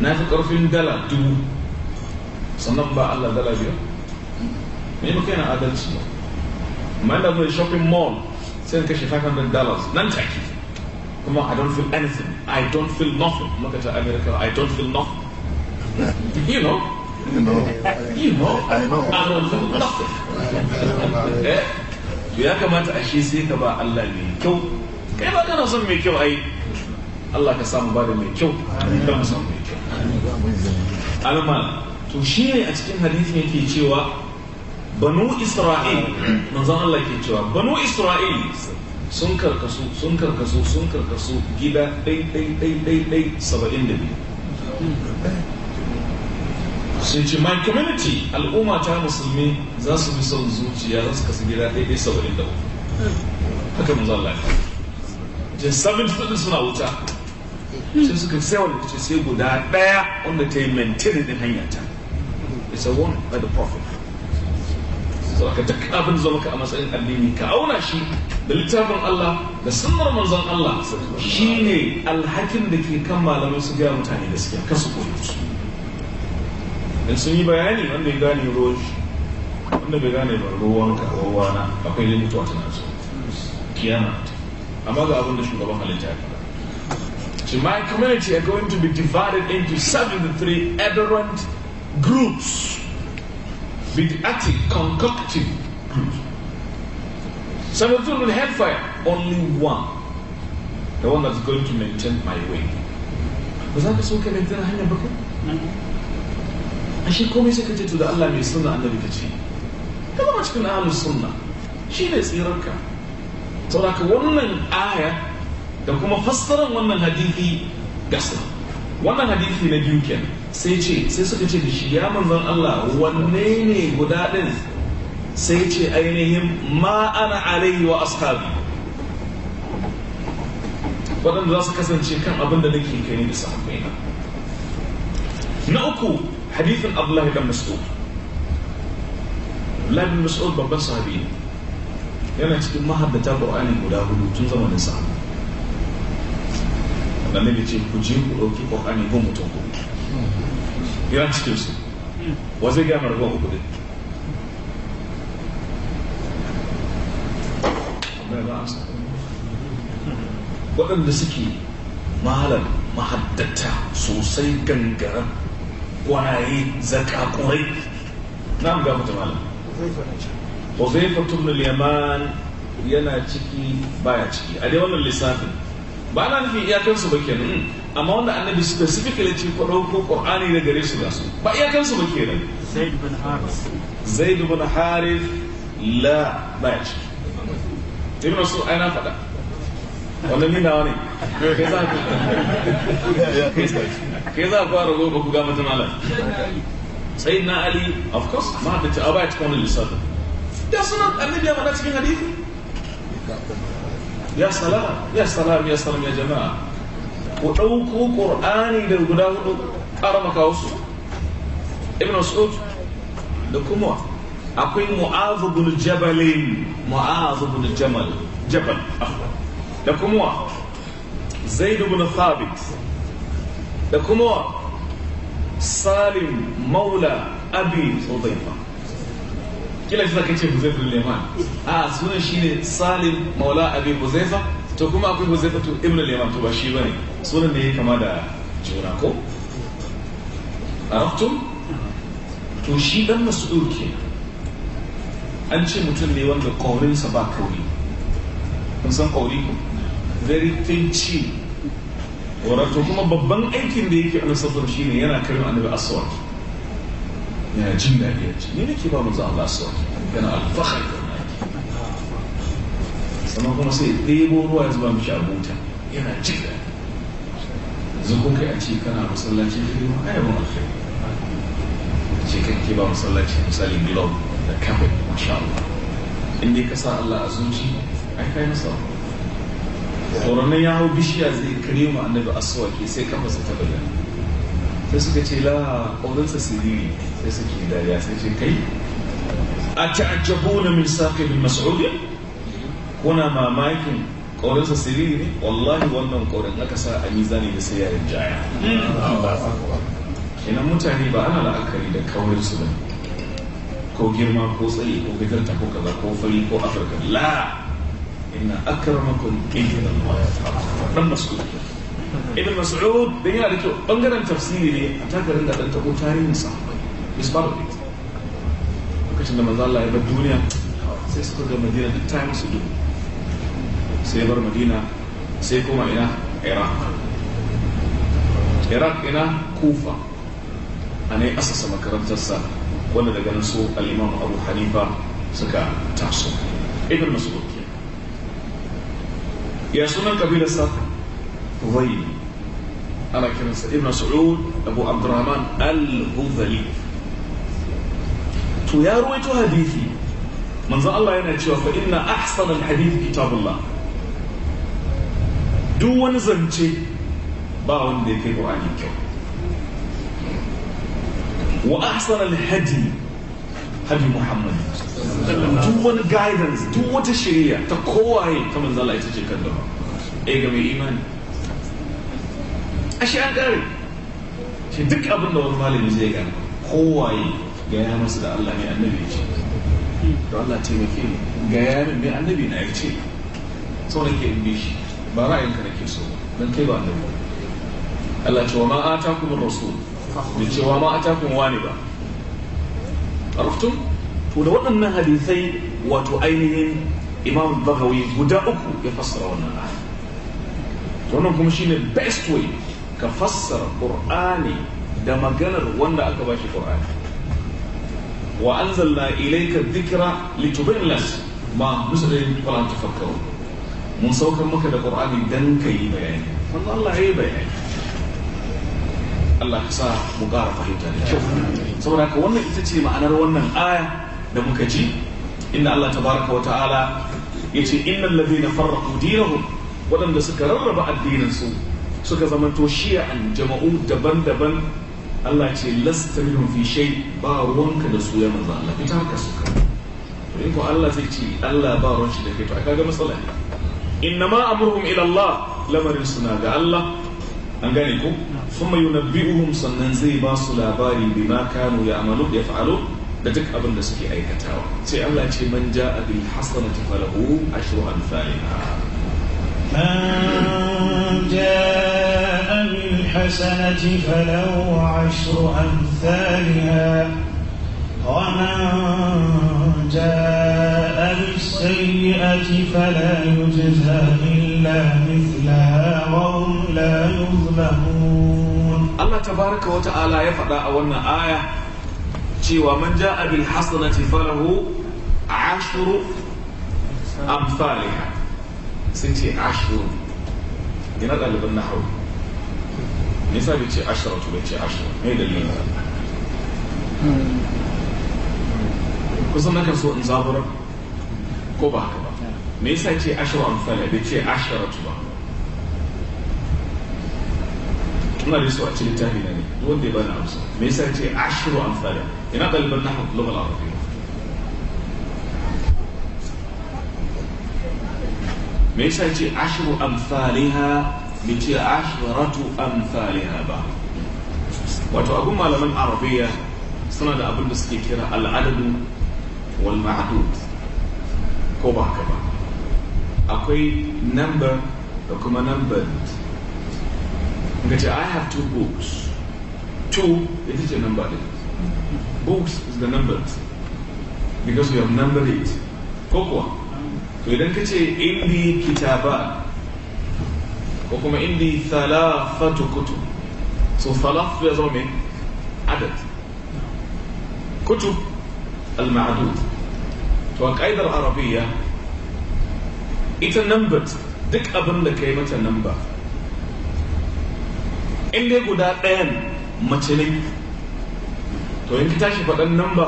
na fi ƙarfin dala dubu sannan ba Allah dala biyar me ba kai na adalci ba amma da mai shopping mall sai kashe 500 dollars nan take kuma I don't feel anything I don't feel nothing maka ta America I don't feel nothing you know you know I know I don't feel nothing to ya kamata ashe sai ka ba Allah mai kyau kai ba kana son mai kyau ai Allah ka samu ba da mai kyau da mu samu mai kyau to shi ne a cikin hadisi yake cewa banu isra'il manzon Allah ke cewa banu isra'il sun karkasu sun karkasu sun karkasu gida dai dai dai dai dai saba'in da biyu sun ce my community al'umma ta musulmi za su bi son zuciya za su kasu gida daidai saba'in da uku haka mu zalla ne je sabin suna wuta sai suka sai wani sai guda ɗaya wanda ta yi maintain din hanya ta it's a one by the prophet so aka ta abin zama ka a matsayin addini ka auna shi da littafin Allah da sunnar manzon Allah shine alhakin da ke kan malamai su ga mutane gaskiya kasu koyi In sun yi bayani wanda ya gane ruwan shi wanda bai gane ba ruwan ka akwai mutuwa tana so kiyama amma ga abin da shugaban halitta ya so my community are going to be divided into 73 aberrant groups bid'atic concoctive groups some of them will fire only one the one that's going to maintain my way was that so called maintain a shi komai sai ka ce to da Allah mai sunna annabi ka ce ka zama cikin ahlus sunna shi ne tsirarka saboda wannan aya da kuma fassarar wannan hadisi gasa wannan hadithi na biyu kenan sai ce sai suka ce da shi ya manzon Allah wanne ne guda din sai ce ainihin ma ana alaihi wa ashabi waɗanda za su kasance kan abin da nake kai da sahabbaina na uku hadithin Abdullahi dan Mas'ud Abdullahi dan Mas'ud babban sahabi ne yana cikin mahaddata Qur'ani guda hudu tun zamanin sa Annabi bai ce ku je ku dauki Qur'ani ko mutum ku yana cikin su wa zai ga marwa uku din waɗanda suke malam mahaddata sosai gangaren kwaye zakakurai na ga mutum malam Huzaifa ibn yaman yana ciki baya ciki a dai wannan lissafin ba na nufin iyakansu ba kenan amma wanda annabi specifically ce ko ɗauko ƙur'ani da gare su ga su ba iyakansu ba kenan zaid bin haris zaid bin Harif la baya ciki ibn su ai na faɗa wannan ninawa ne kai za ka kai ke za a fara zo ba ku ga mutum ala sai na ali of course ma da ta abaya cikin wani lissafi da suna annabi ya faɗa cikin hadisi ya salam ya salam ya salam ya jama'a ku ɗauko qur'ani da guda hudu ƙara maka wasu ibn mas'ud da kuma akwai mu'azu bin jabalin mu'azu bin jamal jabal da kuma zaid bin thabit da kuma salim maula abi hudayfa kila shi zaka ce huzaifa liman a sunan ne salim maula abi buzaifa to kuma akwai huzaifa to ibn liman to ba shi bane sunan ne kama da juna ko arabtum to shi dan masu ke an ce mutum ne wanda kaurinsa ba kauri kun san kauri ko very thin wato kuma babban aikin da yake ana sabon shi ne yana karin annabi aswad yana jin daɗi ya ce ne nake ba manzo Allah aswad yana alfahari sannan kuma sai ɗebo ruwa ya zuba mishi a mota yana jin daɗi yanzu ko kai a ce kana masallaci ne ma ayyukan alkhairi ce kake ba masallaci misali globe da kafin masha Allah in dai ka sa Allah a zuci ai kai masa tsoron ya hau bishiya zai kare mu annabi ke sai su ta bayyana sai suka ce la ƙaunarsa siriri sai suke dariya sai ce kai a ta'ajjabuna min saqi bin mas'ud kuna mamakin ƙaunarsa siriri ne wallahi wannan ƙaunar aka sa a mizani da sai jaya kenan mutane ba ana la'akari da kaurinsu ba ko girma ko tsayi ko gajarta ko kaza ko fari ko afirka la inna akramakum inda Allah dan mas'ud ibn mas'ud da yana da kyau bangaren tafsiri ne a takarin da dan tabo tarihin sahabbai misbaru ne lokacin da manzo Allah ya bar duniya sai suka ga Madina da ta musu duhu sai bar Madina sai kuma ina Iraq Iraq ina Kufa ana yi asasa makarantarsa wanda daga nan su al-Imam Abu Hanifa suka taso ibn Mas'ud ya sunan kabilarsa hudhayl ana kiransa ibn sa'ud abu abdurrahman al-hudhali to ya ruwaito hadithi manzo Allah yana cewa fa inna ahsana hadithi hadith kitabullah duk wani zance ba wanda yake Qur'ani kyau wa ahsana al-hadi hadi Muhammad duk wani guidance duk wata shirya ta kowaye ta manzala ita ce kallon a eh, ga mai imani ashe an kare shi duk abin da wani malami zai ga kowaye ga masu da Allah mai annabi ce Da Allah taimake ni ga ya min mai annabi na ya ce sau nake in bi shi ba ra'ayin ka nake so dan kai ba annabi Allah ce wa ma atakum rasul da cewa ma atakum wani ba arftum to da waɗannan hadisai wato ainihin imam bagawi guda uku ya fassara wannan aya wannan kuma shine best way ka fassara qur'ani da maganar wanda aka bashi qur'ani wa anzalna ilayka dhikra litubayyana las ma musulmin fara tafakkaru mun saukar maka da qur'ani dan ka yi bayani wannan Allah ya bayani Allah ka sa mu gara fahimta da kyau saboda ka wannan ita ce ma'anar wannan aya da muka ji inda Allah tabaraka wa ta'ala yace innal na farraku dinahum waɗanda suka rarraba addinin su suka zamanto an jama'u daban-daban Allah ce lasta minhum fi shay ba ruwanka da su ya manzo Allah fita haka suka to in ko Allah zai ce Allah ba ruwan shi da kai to aka ga matsala ne innama amruhum ila Allah lamarin suna ga Allah an gane ko thumma yunabbi'uhum sannan zai ba su labari bima kanu ya yaf'alu da duk abin da suke aikatawa sai Allah ce man ja'a bil hasanati falahu ashru من جاء بالحسنة فله عشر أمثالها ومن جاء بالسيئة فلا يجزى إلا مثلها وهم لا يظلمون الله تبارك وتعالى يفعل أولنا آية cewa man ja a bil hasanati falahu ashru amsalha sun ce ashru ina ɗaliban na hau nisa bai ce ashru to bai ce ashru mai dalilin ba kusan nakan so in zaburar ko ba haka ba me yasa ce ashru amsalha bai ce ashratu ba ina da su a cikin littafi na ne wanda ya bani amsa me yasa ce ashiru amfani ينقل بالنحو في اللغة العربية me yasa ce ashiru amsaliha bai ce ashiratu amsaliha ba wato abin malaman arabiya suna da abin da suke kira al'adadu wal ma'adud ko ba haka ba akwai number da kuma number ga ce i have two books two ita ce number din Books is the numbered. Because we have numbered it. kokwa So To idan ka indi kitaba ko kuma indi thalafatu kutub. So thalaf ya zama mai adad. Kutub al-ma'adud. To a ƙa'idar Arabiya ita numbered duk abin da ka yi mata number. In dai guda ɗayan mace ne to in tashi faɗan nan ba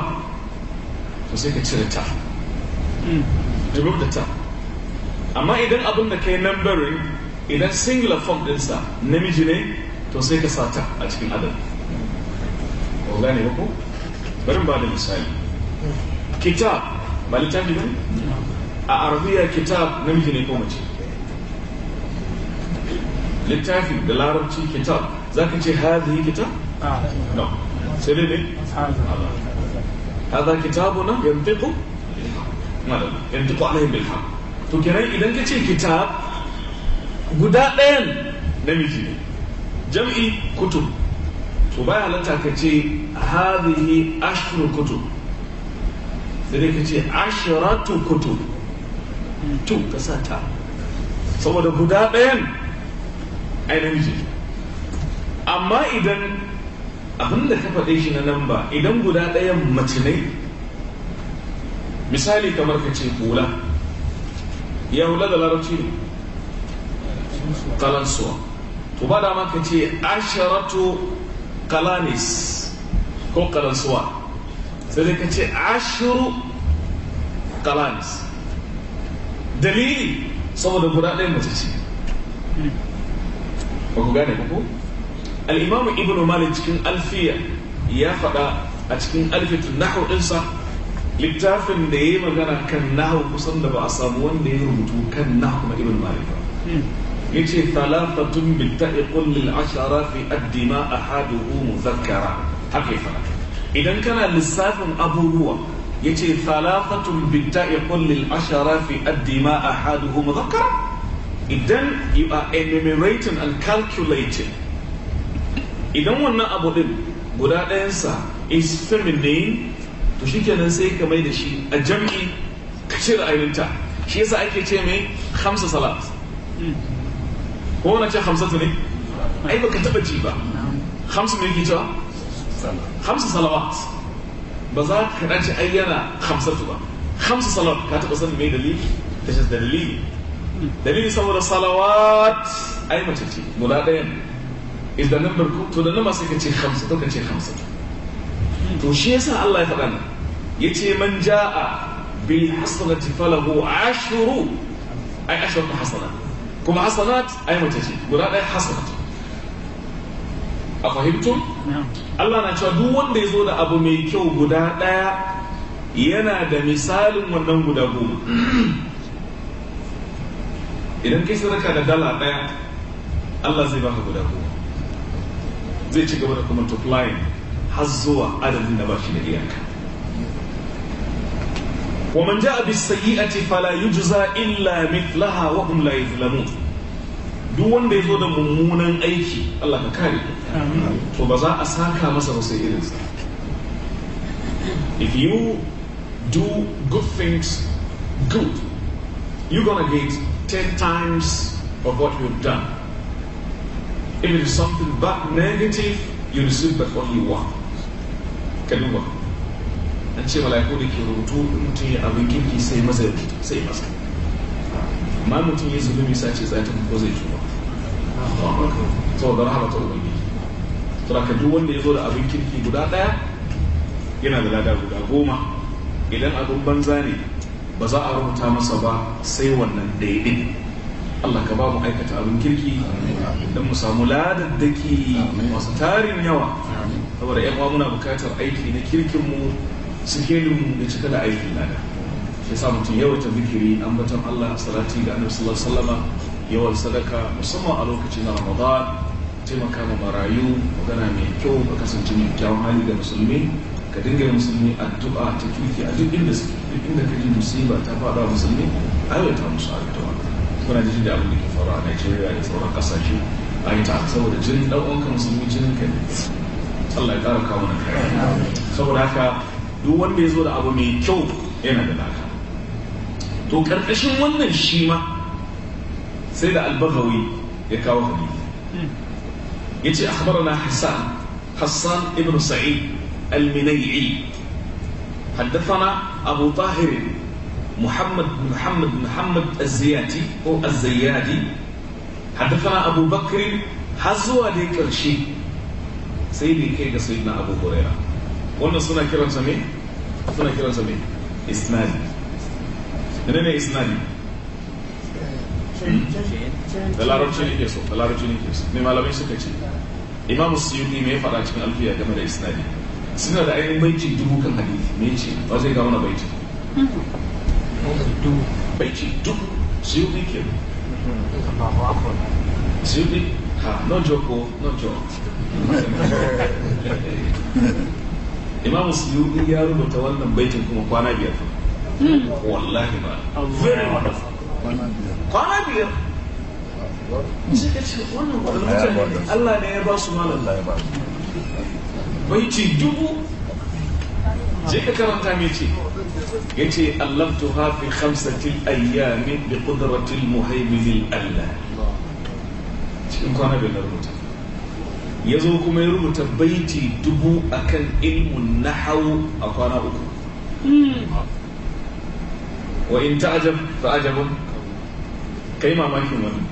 to sai ka cire ta hmm. remove da ta amma idan abin da kai numbering idan singular form ɗinsa namiji ne to sai ka sa ta a cikin adadi ko gane ba ko bari ba da misali kitab ba littafi ne a arabiya kitab namiji ne ko mace littafi da larabci kitab za ka ce hadhihi kitab ah. no sai dai ne هذا كتابنا ينطق ماذا ينطق عليهم بالحق to kenan idan ka ce kitab guda ɗayan namiji ne jam'i kutub to baya halatta ka ce hadhihi ashirin kutub sai dai ka ce ashiratu kutub to ka sa ta saboda guda ɗayan ai namiji amma idan Abin da ka faɗe shi na nan ba, idan guda ɗayan mace ne misali kamar ka ce hula ya hula da larabci ne kalansuwa to ba dama ka ce asharatu kalanis ko kalansuwa sai dai ka ce ashiru kalanis dalili saboda guda ɗayan mace ce ba ku gane ku al'imamu ibn malik cikin alfiya ya faɗa a cikin alfitun nahu ɗinsa littafin da ya yi magana kan nahu kusan da ba a samu wanda ya rubutu kan nahu na ibn malik ba ya ce talafatun bitta'i kullil ashara fi addima a haduhu muzakkara haka ya faɗa idan kana lissafin abubuwa ya ce talafatun bitta'i kullil ashara fi addima a haduhu muzakkara idan you are enumerating and calculating idan wannan abu din guda ɗayansa is feminine to shi kenan sai ka mai da shi a jam'i ka cire ainihinta shi yasa ake ce mai hamsa salat ko na ce hamsatu ne ai baka taba ji ba hamsa mai kicewa hamsa salawat ba za ka dace ai yana hamsatu ba hamsa salawat ka taba sani mai dalili da shi dalili dalili saboda salawat ai mace ce guda ɗayan idan number to da numa sai ka ce hamsa to ka ce hamsa to shi yasa Allah ya faɗa nan yace man jaa bil hasanati falahu ashru ay ashru hasanat kuma hasanat ay mace ce guda ɗaya hasanat a fahimtum Allah na cewa duk wanda ya zo da abu mai kyau guda ɗaya yana da misalin wannan guda goma idan kai sadaka da dala ɗaya Allah zai baka guda goma zai ci gaba da kuma multiplying har zuwa adadin da ba shi da iyaka wa man ja'a bis sayyi'ati fala yujza illa mithlaha wa kun la yuzlamun duk wanda ya zo da mummunan aiki Allah ka kare to ba za a saka masa ba sai if you do good things good you gonna get ten times of what you've done If it is something but negative, you receive but only one. Kalima. An ce mala'iku rubutu mutum ya abin kirki sai masa masa. Ma mutum ya zulumi sace zai ta zai juma. Saboda rahama ta ubangiji. wanda ya zo da abin kirki guda ɗaya yana da lada guda goma. Idan abin banza ne ba za a rubuta masa ba sai wannan daidai. Allah ka ba mu aikata abin kirki don mu samu ladaddaki masu tarin yawa saboda yan uwa muna bukatar aiki na kirkin mu sikelin mu da cika da aiki lada Ya sa mutum yawaita zikiri ambaton Allah salati ga annabi sallallahu alaihi wasallam yawan sadaka musamman a lokacin Ramadan taimaka ma marayu magana mai kyau ka kasance mai kyawun hali ga musulmi ka dinga yin musulmi addu'a ta kirki a duk inda suke duk inda ka ji musiba ta faɗa musulmi aiwata musu addu'a suna da jin da abin da ke faru a Nigeria da sauran kasashe a yi ta saboda jinin ɗan uwanka musulmi jinin ka Allah ya ƙara kawo na kai saboda haka duk wanda ya zo da abu mai kyau yana da laka to ƙarƙashin wannan shi ma sai da albagawi ya kawo hadisi yace akhbarana Hassan Hassan ibn Sa'id al-Minai'i حدثنا أبو طاهر محمد بن محمد بن محمد الزياتي هو الزيادي حدثنا أبو بكر هزوا دي كرشي سيدي كيغا سيدنا أبو هريرة قلنا سنة كرم سمي سنة كرم سمي إسنادي منين إسنادي da larabci ne ke so da larabci ne ke so mai malamai suka ce imamu suyuti mai fara cikin alfiya game da isnadi suna da ainihin baiti dubu kan hadisi me ba zai ga wani baiti duk bai ce duk suyuti ke ha no joko no not your imam suyuti ya rubuta wannan baitin kuma kwana biyar hmm. wallahi ba very wonderful kwana biyar sai ce wannan wadannan Allah ne ya ba su malam baiti dubu je ka karanta mai ce yace allamtuha fi khamsati al-ayyam bi qudrati al-muhaymin al-allah cikin kwana da rubuta Ya zo kuma ya rubuta baiti dubu akan ilmun nahwu a kwana uku wa in ta'jab fa ajabun kai mamakin wani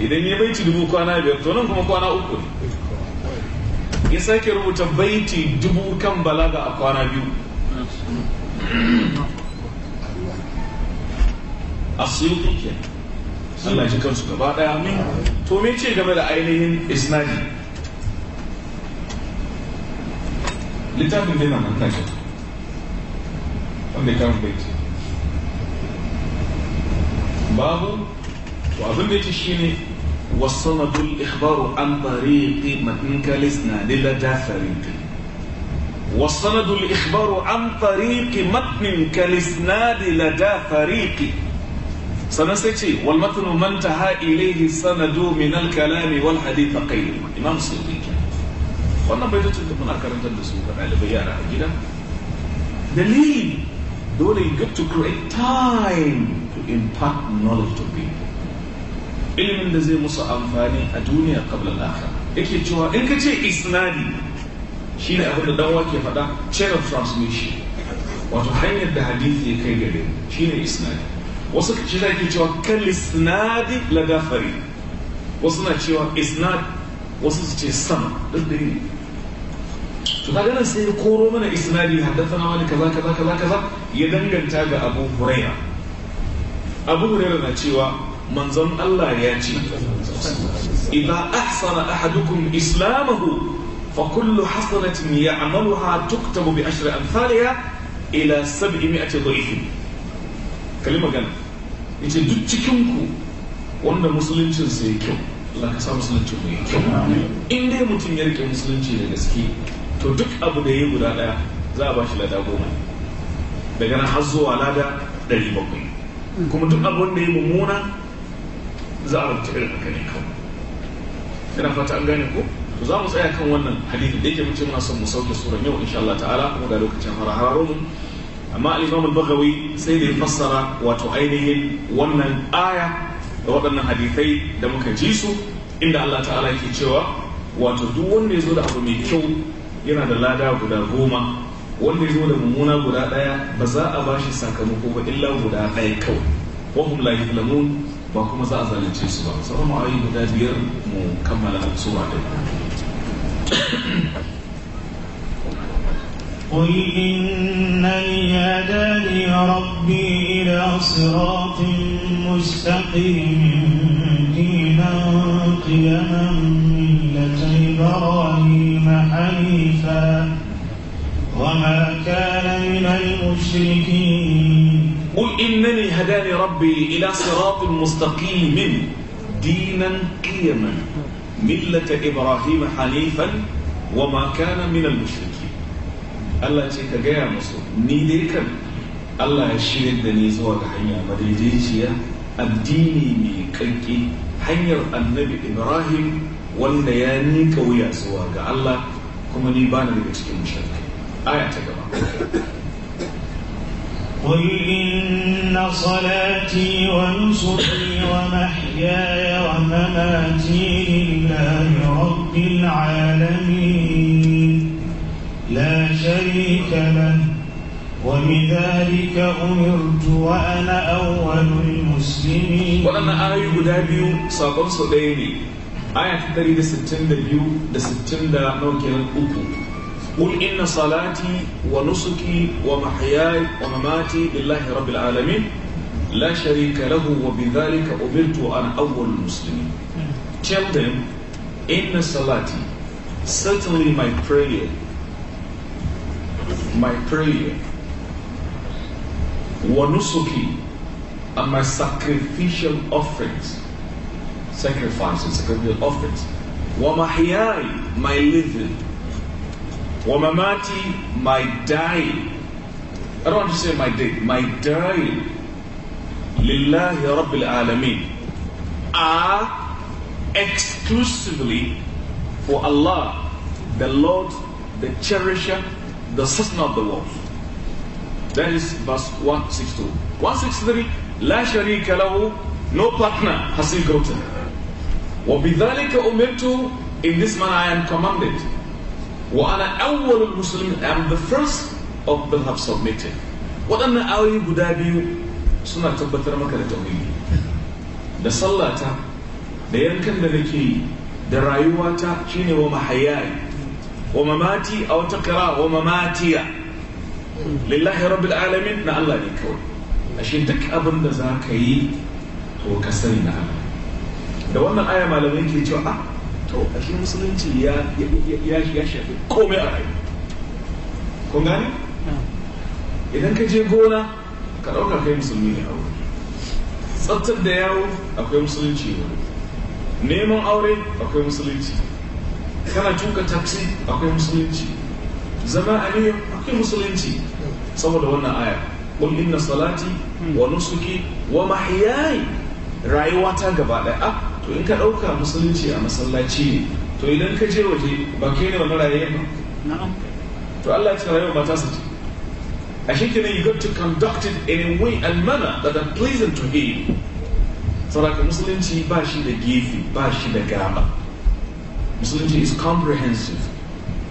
idan ya baiti dubu kwana biyar to nan kuma kwana uku ya sake rubuta baiti dubu kan balaga a kwana biyu asiyuti ke Allah ji kansu gaba daya to me ce game da ainihin isnadi littafin dai na mantan shi wanda ya kama baiti babu to abin da ya ce shine wasanadul ikhbaru an tariqi matinkal isnadi la ta tariqi والسند الإخبار عن طريق متن كالإسناد لدى فريق سنسيتي والمتن ما انتهى إليه السند من الكلام والحديث قيل إمام سيدي wannan bai zace muna karantar da su ga ɗalibai yara a gida dalili dole to create time to impart knowledge to people ilimin da zai musu amfani a duniya qabla al yake cewa in ka ce isnadi shi ne abin da dan wake faɗa chain of transmission wato hanyar da hadisi ya kai gare shi ne isnadi wasu shi ne ke cewa kan isnadi la gafari wasu na cewa isnad wasu su ce sama duk da ne to kaga nan sai ya koro mana isnadi haddathana wani kaza kaza kaza kaza ya danganta ga abu huraira abu huraira na cewa manzon Allah ya ce idza ahsana ahadukum islamahu فكل حسنة يعملها تكتب بعشر أمثالها إلى سبعمائة ضعيف كلمة قال yace duk cikinku wanda musuluncin sai kyau Allah ka sa musuluncin mu kyau in dai mutum ya rike musulunci da gaske to duk abu da ya guda ɗaya za a ba shi lada goma daga nan har zuwa lada ɗari bakwai kuma duk abu da ya mummuna za a rubuta irin haka ne kawai ina fata an gane ko to za mu tsaya kan wannan hadisi da yake mun muna son mu sauke suran yau insha Allah ta'ala kuma ga lokacin hararo mu amma al-Imam al-Baghawi sai da ya fassara wato ainihin wannan aya da waɗannan hadisai da muka ji su inda Allah ta'ala ke cewa wato duk wanda ya zo da abu mai kyau yana da lada guda goma wanda ya zo da mummuna guda ɗaya ba za a ba shi sakamako ba illa guda ɗaya kawai wahum la yuzlamun ba kuma za a zalunce su ba sauran mu ayi guda biyar mu kammala sura ɗin قل إنني هداني ربي إلى صراط مستقيم دينا قيما ملة إبراهيم حنيفا وما كان من المشركين قل إنني هداني ربي إلى صراط مستقيم دينا قيما millata ibrahim hanifan wa ma kana min al-mushriki Allah ce ka gaya musu ni dai kan Allah ya shirya da ni zuwa ga hanya madaidaiciya addini mai kanki hanyar annabi ibrahim wanda ya nika wuya zuwa ga Allah kuma ni bani daga cikin mushrikai aya ta gaba قل إن صلاتي ونسكي ومحياي ومماتي لله رب العالمين لا شريك له وبذلك أمرت وأنا أول المسلمين وأنا آية قدابي ساقم سؤالي آية 162 da 60 da nauke nan uku قل إن صلاتي ونسكي ومحياي ومماتي لله رب العالمين لا شريك له وبذلك أمرت أن أول المسلمين Tell them إن صلاتي certainly my prayer my prayer ونسكي and my sacrificial offerings sacrifices sacrificial offerings ومحياي my living Wamamati, my die. I don't want to say my day, my die. Lillahi Rabbil Alameen. Are exclusively for Allah, the Lord, the Cherisher, the Sustainer of the world. That is verse 162. 163, La شريك له, no partner has he gotten. وَبِذَلِكَ أُمِرْتُ In this manner I am commanded. وأنا أول المسلمين I'm the first of them have submitted waɗannan ayoyi guda biyu suna tabbatar maka da tauhidi da sallata da yankan da nake yi da rayuwata shine wa mahayayi wa mamati a wata kira wa mamatiya lillahi rabbil alamin na Allah ne kawai ashe duk abin da za ka yi to ka sani na Allah da wannan aya malamai ke cewa to ashe musulunci ya ya shafi komai a rayu kun gane idan ka je gona ka ɗauka kai musulmi ne aure tsaftar da yawo akwai musulunci ne neman aure akwai musulunci kana tuka taxi akwai musulunci zama a ne akwai musulunci saboda wannan aya kun inna salati wa nusuki wa mahyaya rayuwa ta gaba ɗaya ah, to in ka ɗauka musulunci a masallaci ne to idan ka je waje ba ke ne wani raye ba to Allah ta rayuwa ba ta su ce a shekinan you got to conduct it in a way and manner that are pleasant to him saboda musulunci ba shi da gefe ba shi da gaba musulunci is comprehensive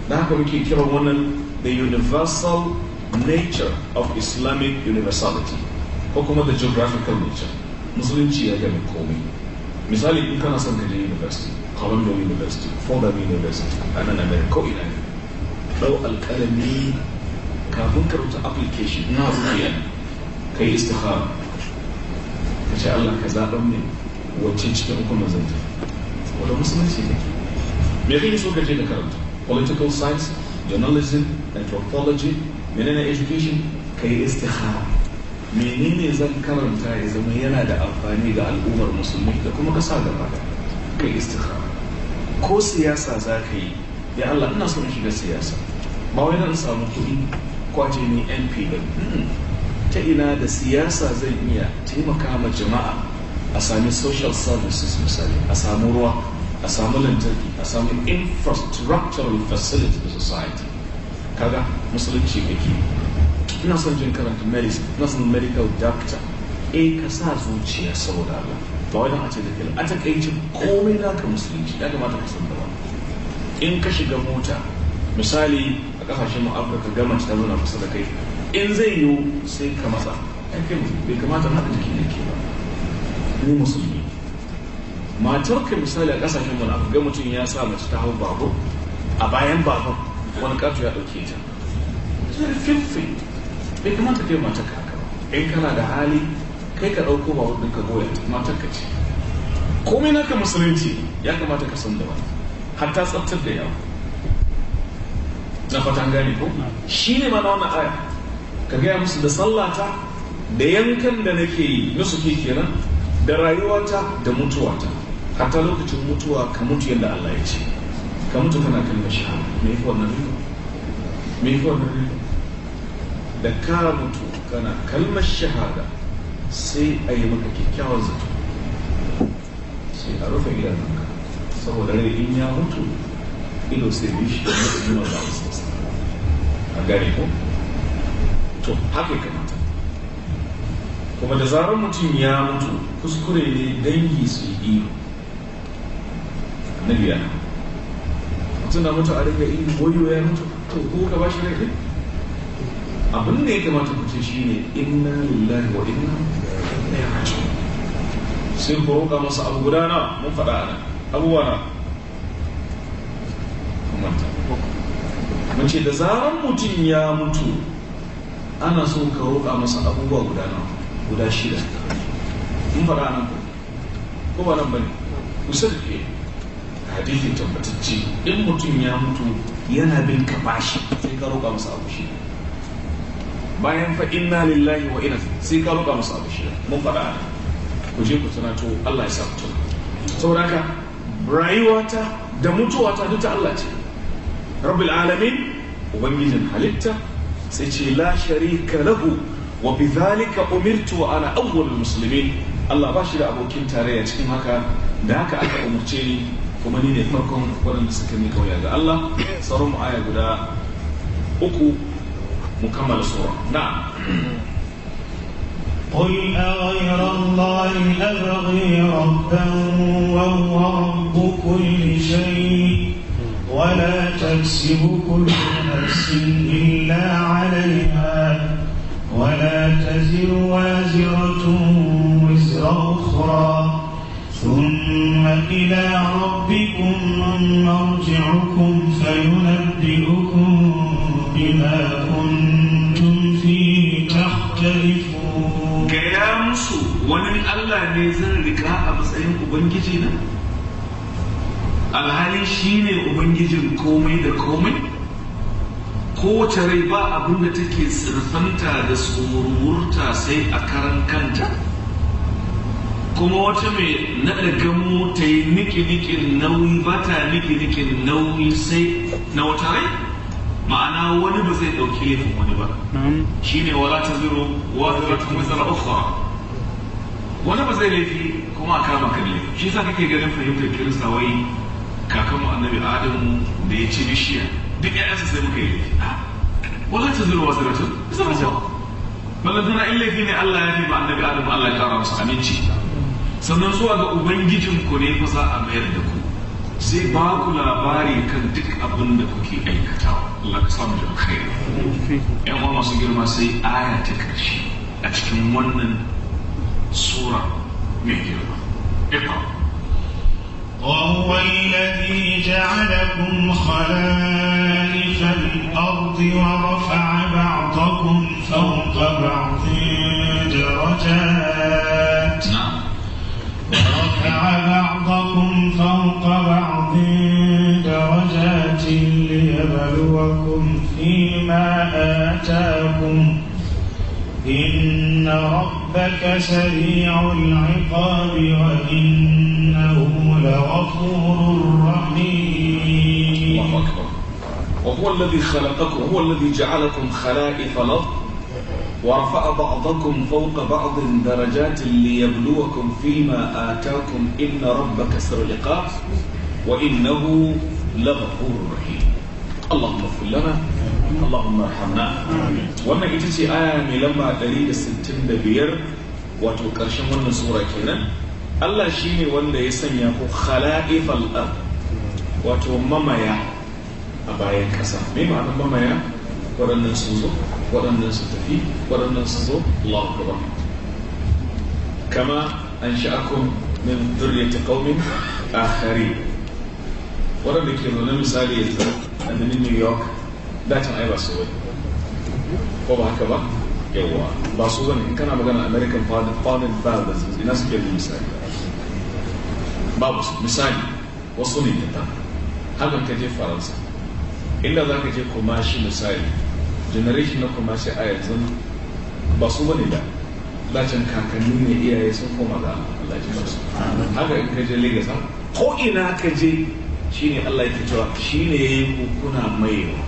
da haka muke kira wannan the universal nature of islamic universality ko kuma the geographical nature musulunci ya gami komai Misali, in kana son ka je university, Columbia University, Fordham University, a nan America, ina ne. Ɗau alƙalami kafin ka rubuta application na rufiya, ka yi istihara. Ka ce Allah ka zaɓa min wacce cikin uku mazan ta. Wata musulunci ne. Me kake so ka je ka karanta? Political science, journalism, anthropology, menene education, ka yi istihara. menene zan karanta ya zama yana da amfani ga al'ummar musulmi da kuma kasa gaba kai istikhara ko siyasa za ka yi ya Allah ina son shiga siyasa ba wai nan samu kuɗi kwace ni MP ba hmm. ta ina da siyasa zan iya taimaka ma jama'a a sami social services misali a samu ruwa a samu lantarki a samu infrastructural facilities society kaga musulunci kake ina son jin karanta medicine ina son medical doctor e ka sa zuciya saboda Allah ba wai a ce da kila a takaice komai na ka musulunci ya kamata ka san da in ka shiga mota misali a kasashen mu Afirka gama ta zo kusa da kai in zai yiwu sai ka matsa ya kai bai kamata na da jiki da ke ba ni musulmi matar ka misali a kasashen mu na Afirka mutum ya sa mace ta hau babu a bayan babu wani kato ya dauke ta filfi kai kamata kai matarka haka in kana da hali kai ka ɗauko ba wadda ka goya matarka ce komai naka musulunci ya kamata ka san da wani hatta tsaftar da yawa na fatan gane ko shi ne mana wannan aya ka gaya musu da sallata da yankan da nake yi na su kenan da rayuwata da mutuwata hatta lokacin mutuwa ka mutu yadda Allah ya ce ka mutu kana kalmar shahara me yi wannan me yi wannan da ka mutu kana kalmar shahada sai a yi maka kyakkyawan zato sai a rufe idanunka saboda rai in ya mutu ido sai bi shi da nuna ba su a gane ko to haka ya kamata kuma da zarar mutum ya mutu kuskure ne dangi su yi iyo na biya mutum na mutu a riga iyo goyo ya mutu to ko ka ba shi rai abin da ya kamata ku shi ne inna lillahi wa inna ilaihi raji'un sai ku roƙa masa abu guda na mun faɗa ana abubuwa na mace da zaran mutum ya mutu ana so ka roƙa masa abubuwa guda na guda shida mun faɗa ana ko ba nan bane kusa da fiye hadithin tabbatacce in mutum ya mutu yana bin ka bashi sai ka roƙa masa abu shida bayan fa inna lillahi wa inna sai ka roƙa musu abu shi mun faɗa ku je ku tunato Allah ya sa ku saboda haka rayuwata da mutuwata duk ta Allah ce rabbil alamin ubangijin halitta sai ce la sharika lahu wa bidhalika umirtu ana awwalul muslimin Allah ba shi da abokin tarayya cikin haka da haka aka umarce ni kuma ni ne farkon waɗanda suka mika wuya ga Allah sauran mu aya guda uku مكمل الصورة نعم قل أغير الله أبغي ربا وهو رب كل شيء ولا تكسب كل نفس إلا عليها ولا تزر وازرة وزر أخرى ثم إلى ربكم مرجعكم فينبئكم Allah ne zan rika a matsayin Ubangiji na? Alhali shi ne Ubangijin komai da komai? Kowace rai ba abin da take tsirfanta da tsumurwurta sai a karan kanta? Kuma wata mai naɗa gamo ta yi nikinikin nauyi ba ta nikinikin nauyi sai na wata rai? ma'ana wani ba zai ɗauki laifin wani ba shi ne wala ta zuru wa zira ta mazara ukhra wani ba zai laifi kuma a kama ka laifi shi sa kake ganin fahimtar kirista wai kakan mu annabi adamu da ya ci bishiya duk ƴaƴansa sai muka yi laifi ah, wala ta zuru wasu ratun zama zama sa balantana in laifi ne Allah ya fi ba annabi adamu Allah ya kara musu aminci sannan zuwa ga ubangijin ku ne fa za a mayar da ku sai ba ku labari kan duk abin da kuke aikatawa Allah ka samu da kai ƴan uwa masu girma sai aya ta ƙarshe a cikin wannan سورة الله اقرأ وهو الذي جعلكم خلائف الأرض ورفع بعضكم فوق بعض درجات نعم ورفع بعضكم فوق بعض درجات ليبلوكم فيما آتاكم إن ربك سريع العقاب وإنه لغفور رحيم الله أكبر وهو الذي خلقكم هو الذي جعلكم خلائف الأرض ورفع بعضكم فوق بعض درجات ليبلوكم فيما آتاكم إن ربك سر لقاء وإنه لغفور رحيم اللهم اغفر لنا Allahumma rahamna wannan ita ce aya mai lamba 165 wato karshen wannan sura kenan Allah shine wanda ya sanya ku khala'ifal ard wato mamaya a bayan kasa me ma'anar mamaya waɗannan sun zo waɗannan su tafi waɗannan su zo Allahu akbar kama ansha'akum min dhurriyyati qaumin akharin waɗanda ke nuna misali yanzu a New York dacin ai ba su wani ko ba haka ba Yawwa. ba su zane in kana magana american da fathers ina suke da misali babu su misali wasu ne ta hakan ka je faransa inda za ka je kumashi shi misali generation na kumashi shi a yanzu ba su bane da lacin kakanni ne iyaye sun koma ga Allah ji su haka in ka je Lagos ko ina ka je shine Allah ya yake cewa shine hukuna kuna maiwa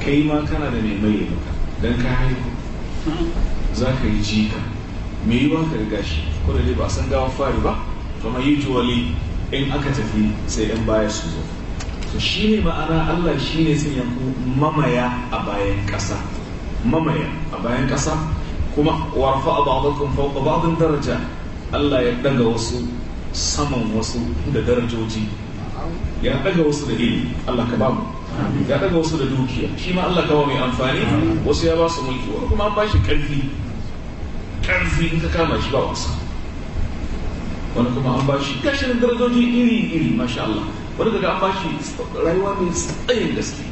kai ma kana da mai mai maka dan ka haihu za ka yi jika me yiwa ka riga shi ko da dai ba san gawa fari ba to ma usually in aka tafi sai yan baya su zo to shi ne ma'ana Allah shi ne sanya ku mamaya a bayan ƙasa mamaya a bayan ƙasa kuma warfa a ba'dakum fawqa ba'adun daraja Allah ya daga wasu saman wasu da darajoji ya ɗaga wasu da ilimi Allah ka ba ya daga wasu da dukiya shi ma Allah kawo mai amfani wasu ya ba su mulki wani kuma an ba shi ƙarfi ƙarfi in ka kama shi ba wasa wani kuma an ba shi gashin darajoji iri iri masha Allah wani daga an ba shi rayuwa mai tsayin gaske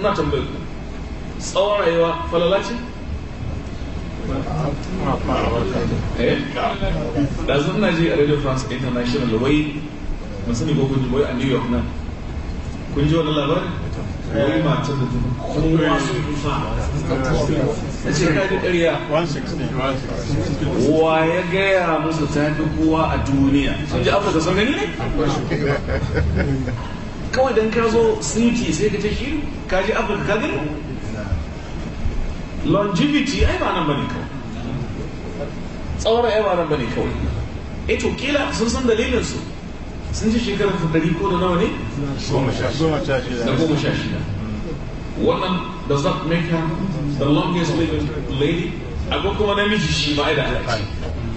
ina tambayar ku tsawon rayuwa falala ce da na je a radio france international wai musamman ko kun wai a new york nan kun ji wani labarin wai matar da ta kowa sun kusa a ce ka ji ƙarya wa ya gaya musu ta fi kowa a duniya sun ji afirka sun gani ne kawai don ka zo sinti sai ka ta shi ka ji afirka ka gani longevity ai ba nan bane kawai tsawon ai ba nan bane kawai eh kila sun san dalilin su sun ce shekarar su ɗari ko da nawa ne? da goma sha shida wannan does not make the longest living lady akwai kuma namiji shi ba da alfani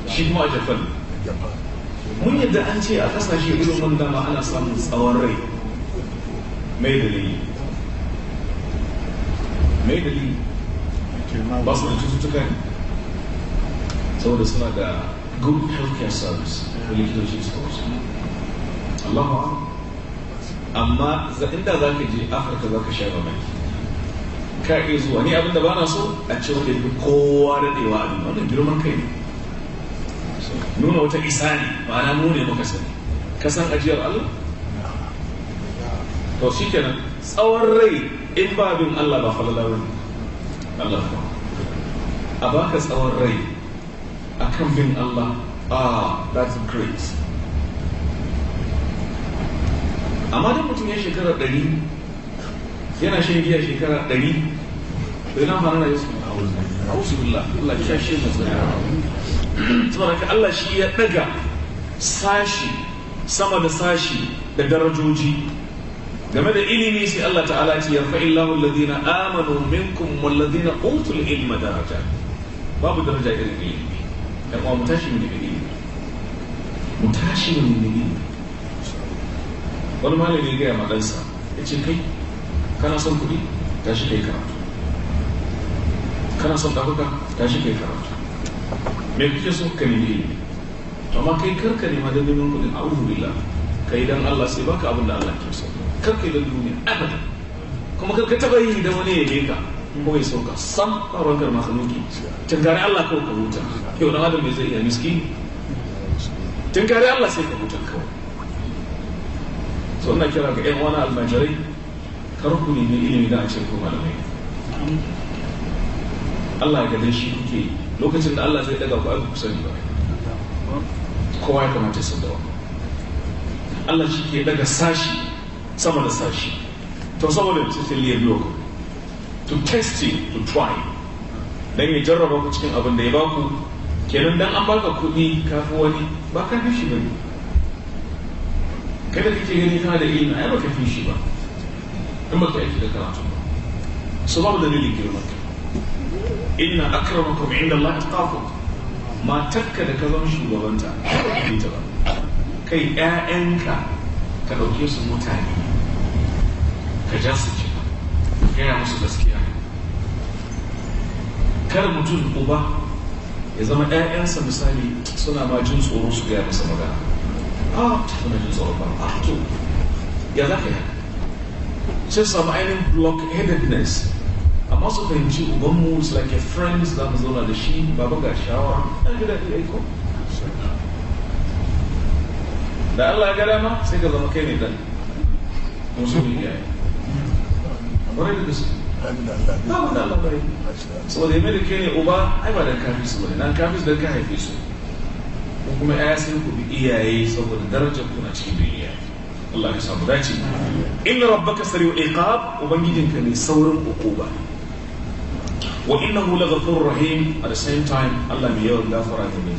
shi kuma a japan mun yadda an ce a kasashe irin wanda ma ana samun tsawon rai mai dalili mai dalili ba su da cututtuka ne saboda suna da good healthcare service da likitoci su Allahu amma inda za ka je Afirka za ka sha mamaki ka iya zuwa ni abinda ba na so a ce wanda yafi kowa daɗewa a duniya wannan girman kai ne nuna wata isa ne ba na ne muka sani ka san ajiyar Allah to shi kenan tsawon rai in ba bin Allah ba falala Allah ba a baka tsawon rai akan bin Allah ah that's great amma don mutum ya shekara ɗari yana shan giya shekara ɗari bai nan fara rayuwa su a wasu billah Allah ya shi mu tsaya saboda ka Allah shi ya ɗaga sashi sama da sashi da darajoji game da ilimi sai Allah ta'ala ce yarfa illahu alladhina amanu minkum walladhina utul ilma daraja babu daraja irin ilimi da kuma mutashi min ilimi mutashi min ilimi wani malami ya gaya ma ɗansa ya ce kai kana son kuɗi tashi kai karatu kana son ɗaukaka tashi kai karatu me kike so ka nemi ilimi amma kai karka nema don neman kuɗin a uhu billah kai dan Allah sai baka abin da Allah ke so karka idan duniya abada kuma karka taɓa yi da wani ya je ka ko ya sauka sam a rankar masu nuki tunkari Allah kawai ka huta yau na adam mai zai iya miski tunkari Allah sai ka huta so ina kira ga yan wani almajirai kar ku nemi ilimi da a ce ko malamai Allah ya gadin shi kuke lokacin da Allah zai daga ku ai ku sani ba kowa ya kamata ya da Allah shi ke daga sashi sama da sashi to saboda su sai liyar lokaci to test you to try dan ya jarraba ku cikin abin da ya baku kenan dan an baka kuɗi kafin wani ba ka fi shi ne. Kada ka kake gani kana da ilimi ai baka fi shi ba in baka aiki da karatu ba su babu dalilin girman ka inna akramakum inda Allah taqakum matarka da ka zama shugabanta ba ta ba kai ƴaƴanka ka ɗauke su mutane ka ja su jima ka gaya musu gaskiya kar mutum uba ya zama 'ya'yansa misali suna ma jin tsoron su gaya masa magana Art I ah menurut orang ah tuh ya lah ya saya sama ini blockheadedness I'm also going to go is like a friend da mu zauna da shi baba ga shawara an gida da iko da Allah ya gada ma sai ka zama kai ne dan musulmi ya yi kwarai da gaske ba mu da Allah bai saboda ya mai da kai ne uba ai ba da kafin su bane nan kafin da ka haife su kuma ku bi iyaye saboda darajar cikin duniya Allah ya samu dace rabbaka sari'u iqab ubangijinka ne saurin ukuba wa innahu laghafurur rahim at the same time Allah mai yawan gafara mai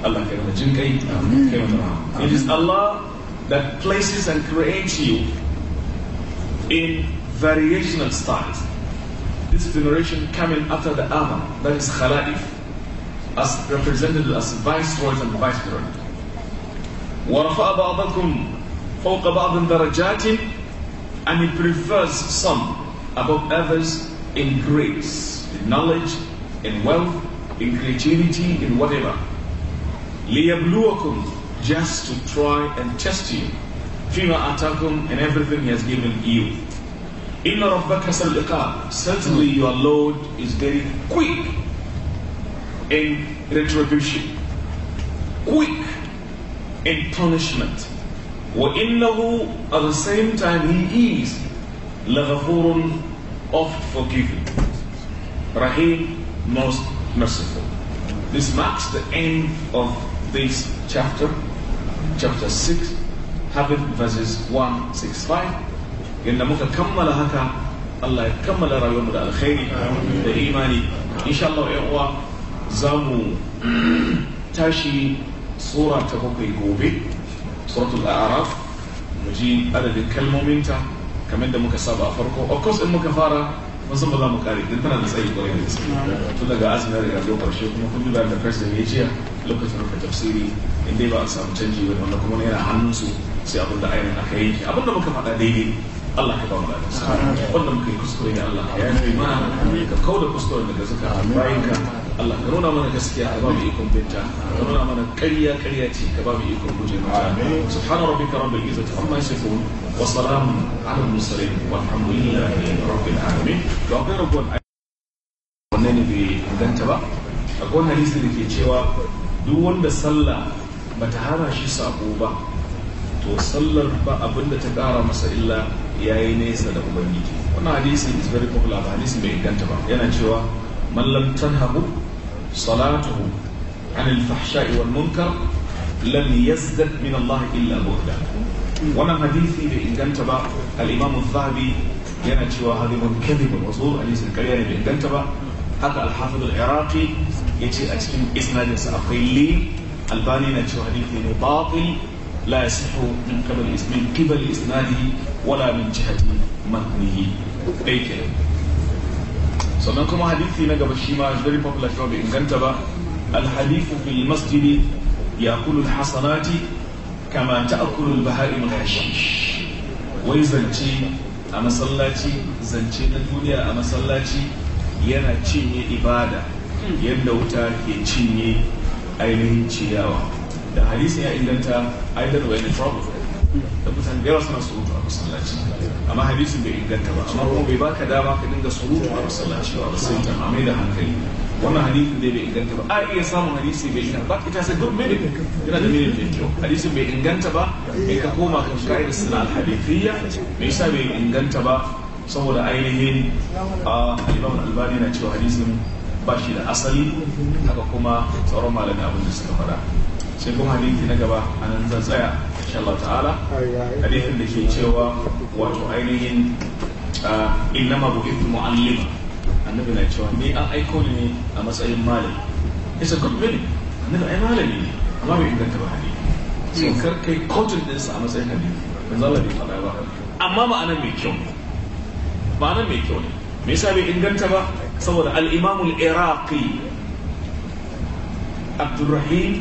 Allah kai mana kai it is Allah that places and creates you in variational styles this generation coming after the other that is khalaif as represented as viceroys and viceroy. وَرَفَأَ بَعْضَكُمْ فَوْقَ بَعْضٍ دَرَجَاتٍ And he prefers some above others in grace, in knowledge, in wealth, in creativity, in whatever. لِيَبْلُوَكُمْ Just to try and test you. فِيمَا أَتَاكُمْ And everything he has given you. إِنَّ رَبَّكَ سَلْإِقَابٍ Certainly your Lord is very quick in retribution, quick in punishment. وَإِنَّهُ at the same time he is لَغَفُورٌ of forgiving. Rahim most merciful. This marks the end of this chapter, chapter 6, having verses 165. yadda muka kammala haka Allah ya kammala rayuwarmu da alkhairi da imani insha za mu tashi tsora ta bakwai gobe suratul araf mu ji adadin kalmominta kamar da muka saba a farko of course in muka fara wasu ba za mu kare din tana da tsayi kwarai da tsayi tun daga azumin riga zo karshe kuma kun ji da president ya jiya lokacin rufe tafsiri in dai ba a samu canji ba wanda kuma yana hannunsu sai abin da ainihin aka yanke abin da muka faɗa daidai Allah ka ba mu lafiya wanda muka yi kuskure ne Allah ya yi mana ka kauda kuskure daga zaka bayan ka Allah ka nuna mana gaskiya ka ba mu ikon binta ka nuna mana ƙarya ƙarya ce ka ba mu ikon guje mata subhana rabbika rabbil izzati amma yasifun wa salamun ala mursalin walhamdulillahi rabbil alamin to akwai rabuwar wannan ne bai inganta ba akwai hadisi da ke cewa duk wanda sallah ba ta hana shi sako ba to sallar ba abinda ta ƙara masa illa yayi nesa da ubangiji wannan hadisi is very popular hadisi bai inganta ba yana cewa mallam tanhabu صلاته عن الفحشاء والمنكر لم يزدد من الله الا بغدا وما حديثي بان الامام الذهبي ينتشي وهذه من كذب الوصول اليس الكريم بان كنتبا حتى الحافظ العراقي يتي اتكلم اسناد ساقيلي الباني نتشي حديثي مباطل لا يصح من قبل من قبل اسناده ولا من جهه متنه بيت sannan kuma hadithi na gaba shi ma very popular shi bai inganta ba alhadifu fil masjidi yakulu hasanati kama bahari albahaimu alhashish wai zance a masallaci zance na duniya a masallaci yana cinye ibada yadda wuta ke cinye ainihin ciyawa da hadisi ya inganta either way in da mutane da yawa suna surutu a masallaci amma hadisin bai inganta ba amma kuma bai baka dama ka dinga surutu a masallaci ba sai ta mai da hankali wannan hadisin dai bai inganta ba a iya samun hadisi bai inganta ba ita sai duk mene yana da mene da kyau hadisin bai inganta ba in ka koma ka kai da sunan alhadithiyya me yasa bai inganta ba saboda ainihin a imam albani na cewa hadisin ba shi da asali haka kuma tsaron malamin abin da suka faɗa sai kuma hadisi na gaba anan zan tsaya insha Allah ta'ala hadisin da ke cewa wato ainihin uh, innama bu'ithu mu'allima annabi na cewa ni an aiko ni ne a matsayin malami it's a compliment annabi ai malami ne amma bai inganta ba hadisi so hmm. kar kai kotun din sa a matsayin hadisi manzo Allah bai faɗa ba amma ma'ana mai kyau ma'ana mai kyau ne me yasa bai inganta ba saboda al-Imam al-Iraqi Abdurrahim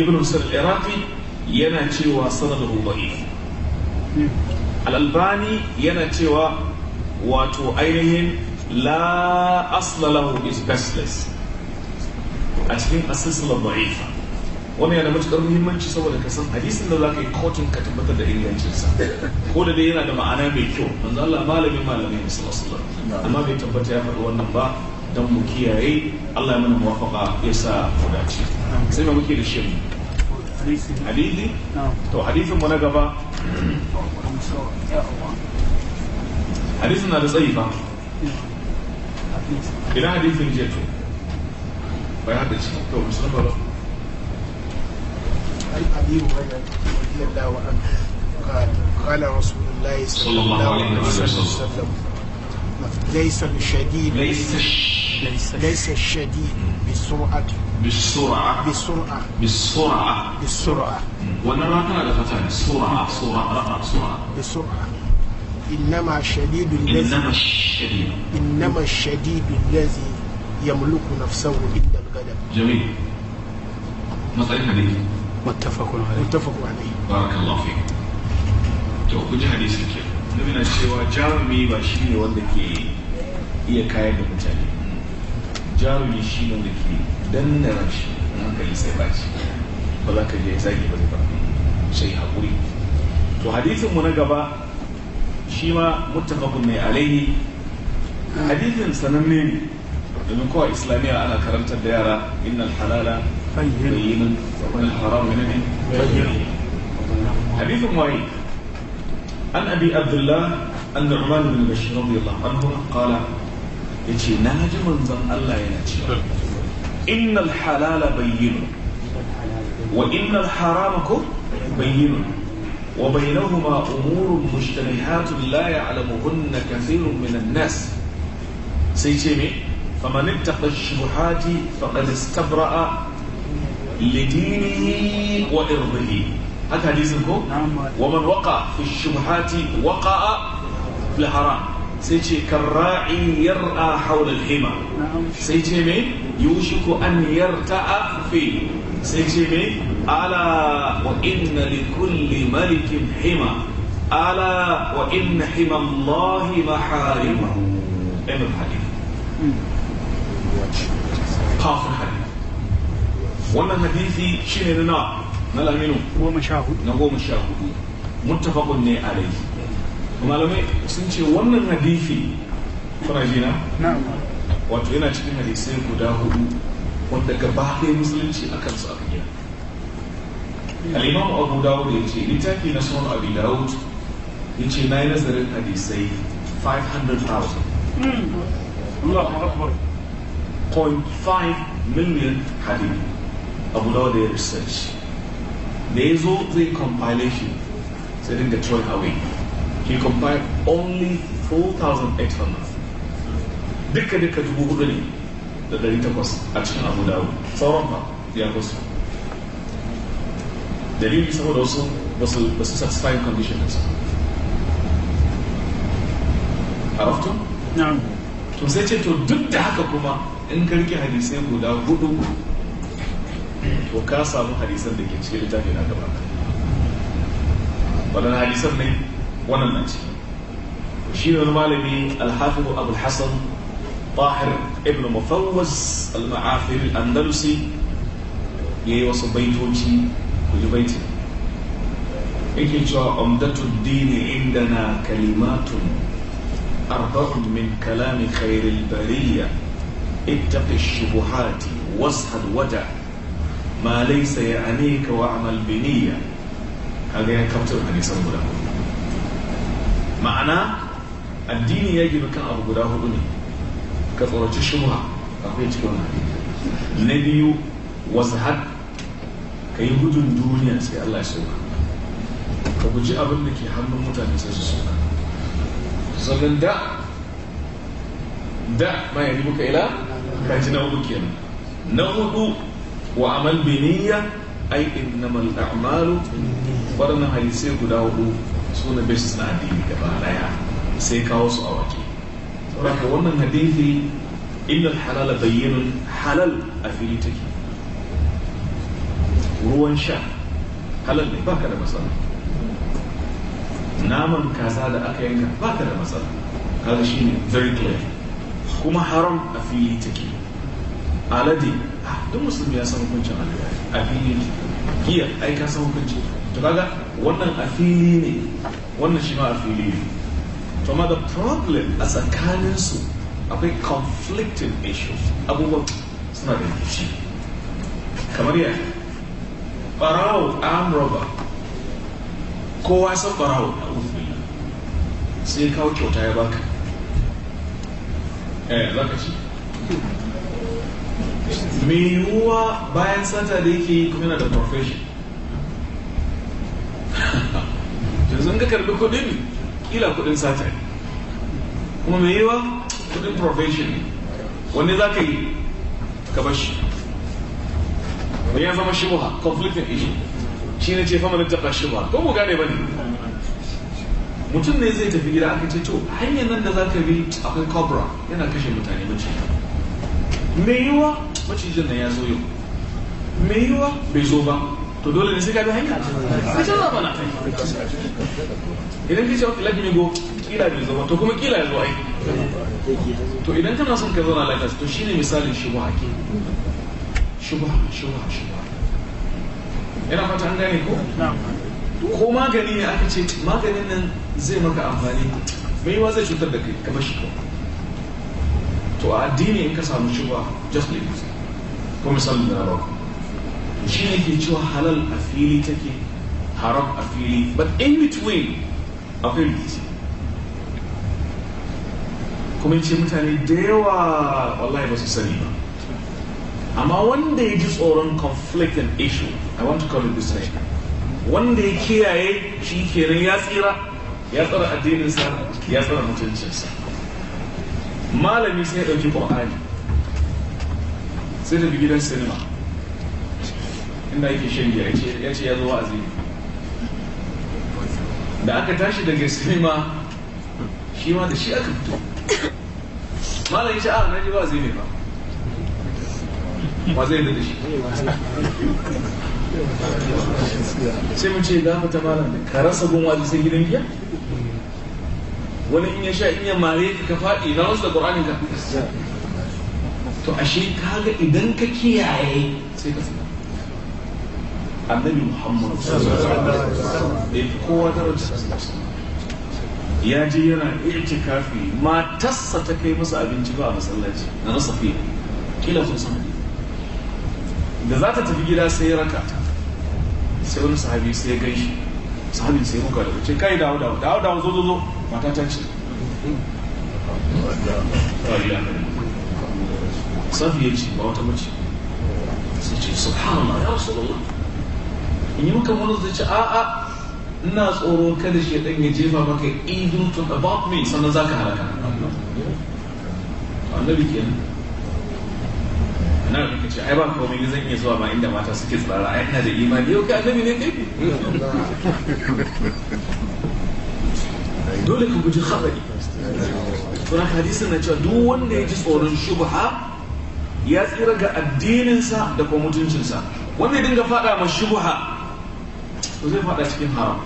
ibn Musa al-Iraqi yana cewa sanadahu da'if alalbani yana cewa wato ainihin la aslalahu is baseless a cikin asilsilar da'ifa wannan yana matukar muhimmanci saboda kasan san hadisin da ka yi kotun ka tabbatar da ingancinsa ko da dai yana da ma'ana mai kyau manzo Allah malamin malamin sallallahu ba amma bai tabbata ya faɗi wannan ba don mu kiyaye Allah ya mana muwafaqa ya sa mu sai ma muke da shi hadisi to hadisin mu na gaba hadisin na da tsayi ba ina hadisin jiya to bai hada ci to musulun ba أبي هريرة رضي الله عنه قال قال رسول الله صلى الله عليه وسلم ليس بشديد ليس ليس ليس الشديد بالسرعة بالسرعة بالسرعة بالسرعة بالسرعة وإنما كان لفتان سرعة سرعة سرعة بالسرعة إنما الشديد الذي إنما الشديد إنما الشديد الذي يملك نفسه عند الغلب جميل مسألة حديث متفق عليه متفق عليه بارك الله فيك to ku ji hadisin ke nuna cewa jarumi ba shi ne wanda ke jarumi shi ne wanda ke danna shi shi hankali sai ba shi ba za ka je zagi ba zai ba sai haƙuri to hadisin mu na gaba shi ma muttafaqun ne alaihi hadisin sananne ne domin kowa islamiyya ana karantar da yara innal halala bayyinun wa haram min bayyinun hadisin waye an abi abdullah an nu'man bin bashir radiyallahu anhu qala ya ce na ji manzan Allah yana cewa innal halala bayyinu wa innal harama ko bayyinu wa bainahuma umurun mushtabihatun la ya'lamuhunna kathirun an nas sai ce me faman ittaqa shubuhati faqad istabra'a lidinihi wa irdihi haka hadisin ko wa man waqa fi shubuhati waqa'a fil haram سيجي كالراعي يرعى حول الحمى نعم سيجي مين يوشك أن يرتع في سيجي مين ألا وإن لكل ملك حمى ألا وإن حمى الله محارمه إن الحديث قاف الحديث وما الحديث شنو نا ملامينو هو مشاهد نقول مشاهد متفق عليه malamai sun ce wannan hadifi kuna ji na wato yana cikin hadisai guda hudu wanda gaba ɗaya musulunci a kansu a duniya al'imamu abu dawud ya ce littafi na sun abu dawud ya ce na yi nazarin hadisai 500,000 hmm. million hadini abu dawud ya research da ya zo zai compilation sai dinga throwing away he compiled only 4,800 duka duka dubu hudu ne da dari takwas a cikin abu dawo sauran ba ya kusa dalili saboda wasu ba su satisfying condition ɗinsa a rafto? na'am to sai ce to duk da haka kuma in karki rike hadisai guda hudu to ka samu hadisan da ke cikin littafi na gaba Wadannan hadisan ne wannan ciki shi ne malami alhafiru abulhassan tahir ibnu mafawaz al-ma'afir andalusi ya yi wasu baitoci ku yi baiti yake cewa amdatu dini inda na kalimatun arba'un min kalami khairil bariya ittaqi shubuhati washad wada ma laysa ya'nika wa amal biniya kaga ya kaftar hadisan ma'ana addini ya gina kan abu guda hudu ne ka tsoraci shubha akwai cikin wani na biyu wasu had ka yi gudun duniya sai Allah ya sauka ka guji abin da ke hannun mutane sai su sauka sannan da da ma ya ribuka ila ka ji na hudu kenan na hudu wa amal biniya ai innamal a'malu waɗannan hadisai guda hudu su na basis na addini gaba daya sai kawo su a wake saboda wannan hadithi illal halal bayyinun halal a fili take ruwan sha halal ne baka da matsala naman kaza da aka yanka baka da matsala kaga shine very clear kuma haram a fili take alade ah, duk musulmi ya san hukuncin alade a fili giya ai ka san hukuncin to kaga wannan a fili ne wannan shi ma a fili ne to ma the problem a tsakanin su akwai conflicting issues abubuwan suna da rikici kamar yaya barawo amurba kowa san barawo na uzbilla sai kawo kyauta ya baka eh zaka ci mai yiwuwa bayan sata da yake kuma yana da profession yanzu ka karbi kudin kila kudin sata ne kuma mai yiwa kudin profession ne wanne za ka yi ka bashi ya zama buha conflicting issue shi ne ce fama taɓa buha ko mu gane ba ne mutum ne zai tafi gida aka ce to hanyar nan da za ka bi akwai cobra yana kashe mutane mace mai yiwa macijin na ya zo yau mai yiwa bai zo ba to dole ne sai ka bi hanya ka canza mana idan ka ce wata lafi go kila bai zama to kuma kila ya zo ai to idan kana son ka zauna lafiya to shine misalin shubha ke shubha shubha shubha yana fata an gane ko ko magani ne aka ce maganin nan zai maka amfani mai yiwa zai cutar da kai kamar shi kawai to a addini in ka samu shubha just leave ko misalin da na shi ne ke cewa halal a fili take haram a fili but in between akwai rikici kuma ce mutane da yawa wallahi ba su sani ba amma wanda ya ji tsoron conflict and issue i want to call it this way wanda ya kiyaye shi kenan ya tsira ya tsara addininsa ya tsara mutuncinsa malami sai ya ɗauki ƙwa'ani sai da bi gidan sinima inda yake shan giya ya ce ya zo wa'azi da aka tashi daga sinima shi ma da shi aka fito malam ya ce a ah, na ji zai ne ba ba zai da shi sai mu ce za mu ta malam da ka rasa gun sai gidan giya wani in ya sha in ya mare ka faɗi na wasu da ƙur'anin ka to ashe kaga idan ka kiyaye sai ka fita annabi muhammad kowa daraja ya je yana itikafi matarsa ta kai masa abinci ba a masallaci na na safiya kila sun san da za ta tafi gida sai ya raka sai wani sahabi sai ya gaishe sahabin sai muka da wuce kai dawo dawo dawo dawo zo zo zo mata ta ce safiya ce ba wata mace sai ce subhanallah ya rasulullah in yi maka wani zai ce a'a ina tsoro kada shi dan ya jefa maka evil talk about me sannan za ka halaka annabi ke nan da kace ai ba komai ne zan iya zuwa ba inda mata suke tsara ai ina da imani yau kai annabi ne kai dole ku guji khabari to na hadisin na cewa duk wanda ya ji tsoron shubha ya tsira ga addininsa da kuma mutuncinsa wanda ya dinga fada ma shubha to zai fada cikin haram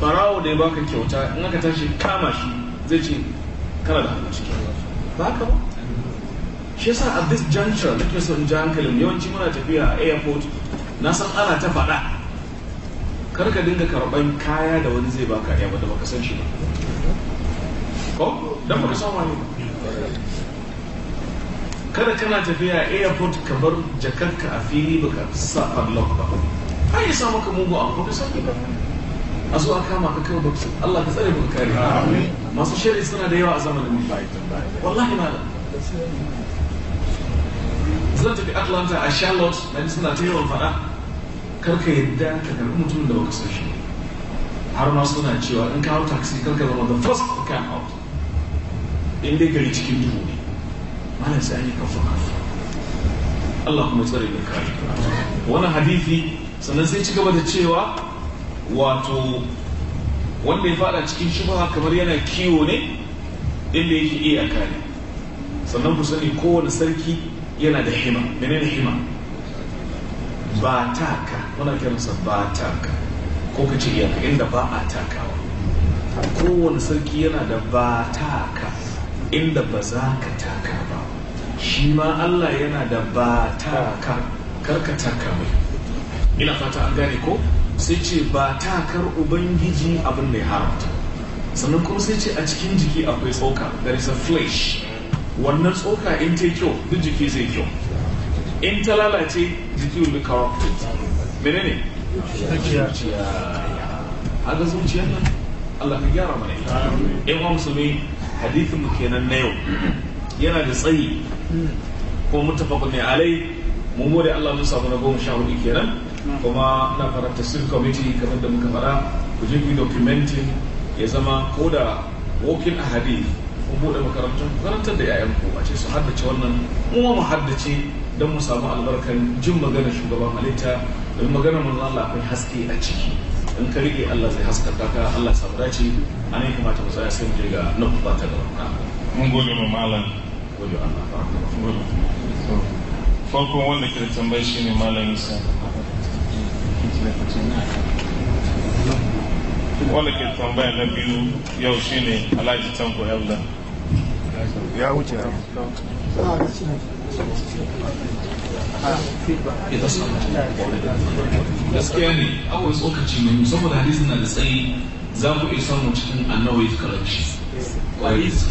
barawo da ya baka kyauta in aka tashi kama shi zai ce kana da hannu cikin ba ka ba shi yasa at this juncture nake so in ji hankalin yawanci muna tafiya a airport na san ana ta faɗa kar ka dinga karɓan kaya da wani zai baka ya da baka san shi ba ko dan baka san wani kada kana tafiya a airport ka bar jakarka a fili baka sa padlock ba ai ya samu ka mugu abu ka sani ba a zuwa kama ka kawo baksu Allah ka tsare muka kare masu shari'a suna da yawa a zamanin mu wallahi ma zan tafi Atlanta a Charlotte na suna ta yawan faɗa karka yadda ka karɓi mutum da baka san shi har ma suna cewa in ka hau taxi ka zama the first ka out in dai gari cikin duhu ne malam sai an yi kafa kafa Allah kuma tsare da kare Wani hadisi sannan sai ci gaba da cewa wato wanda ya fada cikin shubha kamar yana kiwo ne inda yake iyaka ne sannan ku sani kowane sarki yana da hima menene hima ba taka muna kiransa ba taka ko ka ce iyaka inda ba a takawa kowane sarki yana da ba taka inda ba za ka taka ba shi ma Allah yana da ba taka karka taka mai ina fata an gane ko sai ce ba ta kar ubangiji abin da ya haramta sannan kuma sai ce a cikin jiki akwai tsoka there is a flesh wannan tsoka in ta kyau duk jiki zai kyau in ta lalace jiki will be corrupted menene zuciya haka zuciya nan Allah ka gyara mana ita in wa musulmi hadithin mu kenan na yau yana da tsayi ko mutafaqun ne alai mu da Allah mun samu na goma sha hudu kenan kuma na fara sir committee kamar da muka fara ku je ku documenting ya zama ko da walking a hadi ku bude makarantun ku karantar da 'ya'yanku a ce su haddace wannan kuma mu haddace don mu samu albarkan jin maganar shugaban halitta dan maganar manzon Allah akwai haske a ciki in ka rike Allah zai haskaka ka Allah samu dace a nan kamata mu tsaya sai mu je ga na fata da gaba mun gode ma malam gode Allah farko wanda ke tambayi shine malam Isa wanda ke tambaya na biyu yau ne alhaji tanko yalda ya wuce na gaskiya ne akwai tsokaci mai musamman hadisin na da tsayi za ku iya samu cikin annawai karanci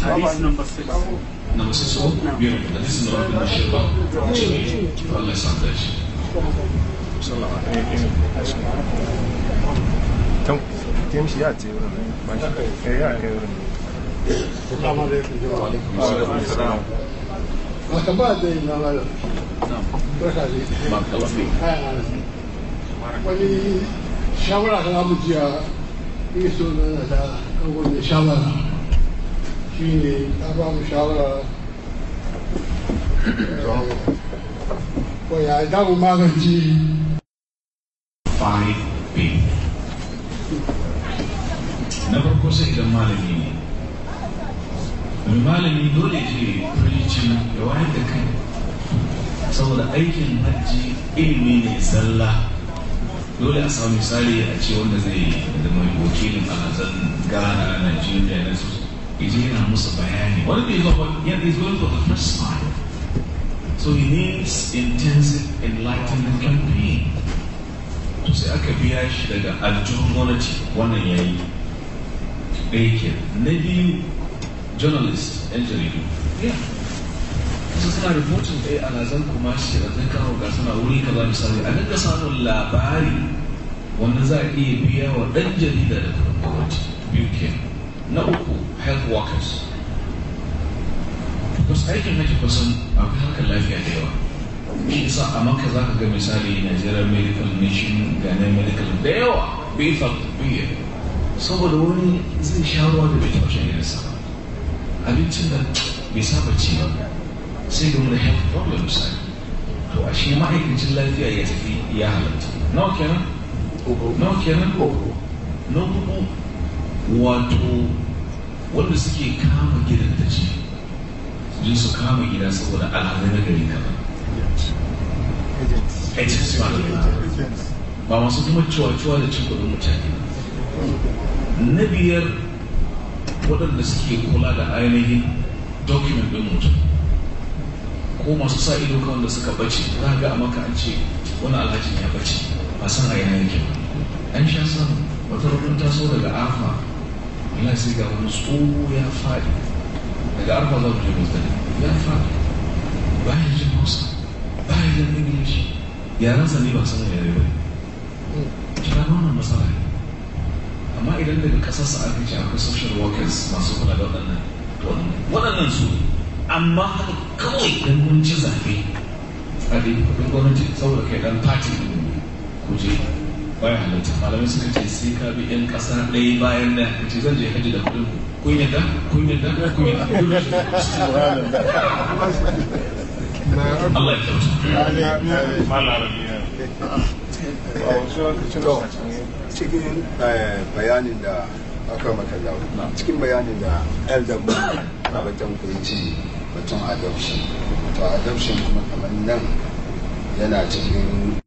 hadis na masu tsohon biyar hadisin na rabin da shirba a cikin Allah ya sa ta shi sallama tam tem shi ya ce wurin ba shi eh ya kai wurin assalamu alaikum wa alaikum assalam wata ba da yin na mala barka da ba ka lafi wani shawara ta mu jiya ne so na da kan wani shawara shi ne ta ba mu shawara ko ya dawo magance 5b na farko sai idan malami ne mai malami dole ke preaching da wayar da kai saboda aikin hajji ilimi ne sallah. dole a samu misali a ce wanda zai da mai wakilin alhazan ghana nigeria na su ije yana musu bayani Wani ya zuwa yana is going for the first time so he needs intensive enlightenment campaign sai aka biya shi daga aljihun gwamnati wannan ya yi ɗaya ke na biyu journalist yan jaridu su suna rubutun ɗaya a lazan kuma shi da zai kawo ga suna wuri ka kaza misali a dinga samun labari wanda za a iya biya wa ɗan jarida da gwamnati biyu ke na uku health workers wasu aikin nake kusan akwai harkar lafiya da yawa shi sa a maka za ka ga misali nigerian medical mission gane medical da yawa bifa biya saboda wani zai sha ruwa da bai taɓa shan irinsa abincin da bai saba ci ba sai da wani health problem misali to a shi ma'aikacin lafiya ya tafi ya halatta nawa kenan nawa kenan na hudu wato wanda suke kama gidan da ce su kama gida saboda alhazai na gari kama. agents ba masu kuma cuwa-cuwa da cin kudin mutane na biyar waɗanda suke kula da ainihin document ɗin mutum ko masu sa ido kan wanda suka bace za ga a maka an ce wani alhajin ya bace ba san a yana ba. an sha san wata rukun taso daga arfa ina sai ga wani tsoho ya daga arfa za mu je ya bayan jin hausa ba ya da ingilishi yaran sa ne ba san yare ba kira wannan matsala ne amma idan daga kasar sa aka ce akwai social workers masu kula da waɗannan waɗannan su amma haka kawai dan mun ci zafi. a dai kuɗin gwamnati saboda kai dan party ne ku je baya halatta malamai suka ce sai ka bi yan kasa ɗaya bayan da ka ce zan je hajji da kuɗin kun yadda kun yadda kun yadda Allah ya cikin bayanin da aka maka cikin bayanin da elder mu a batun kurji batun adoption to adoption kuma kamar nan yana cikin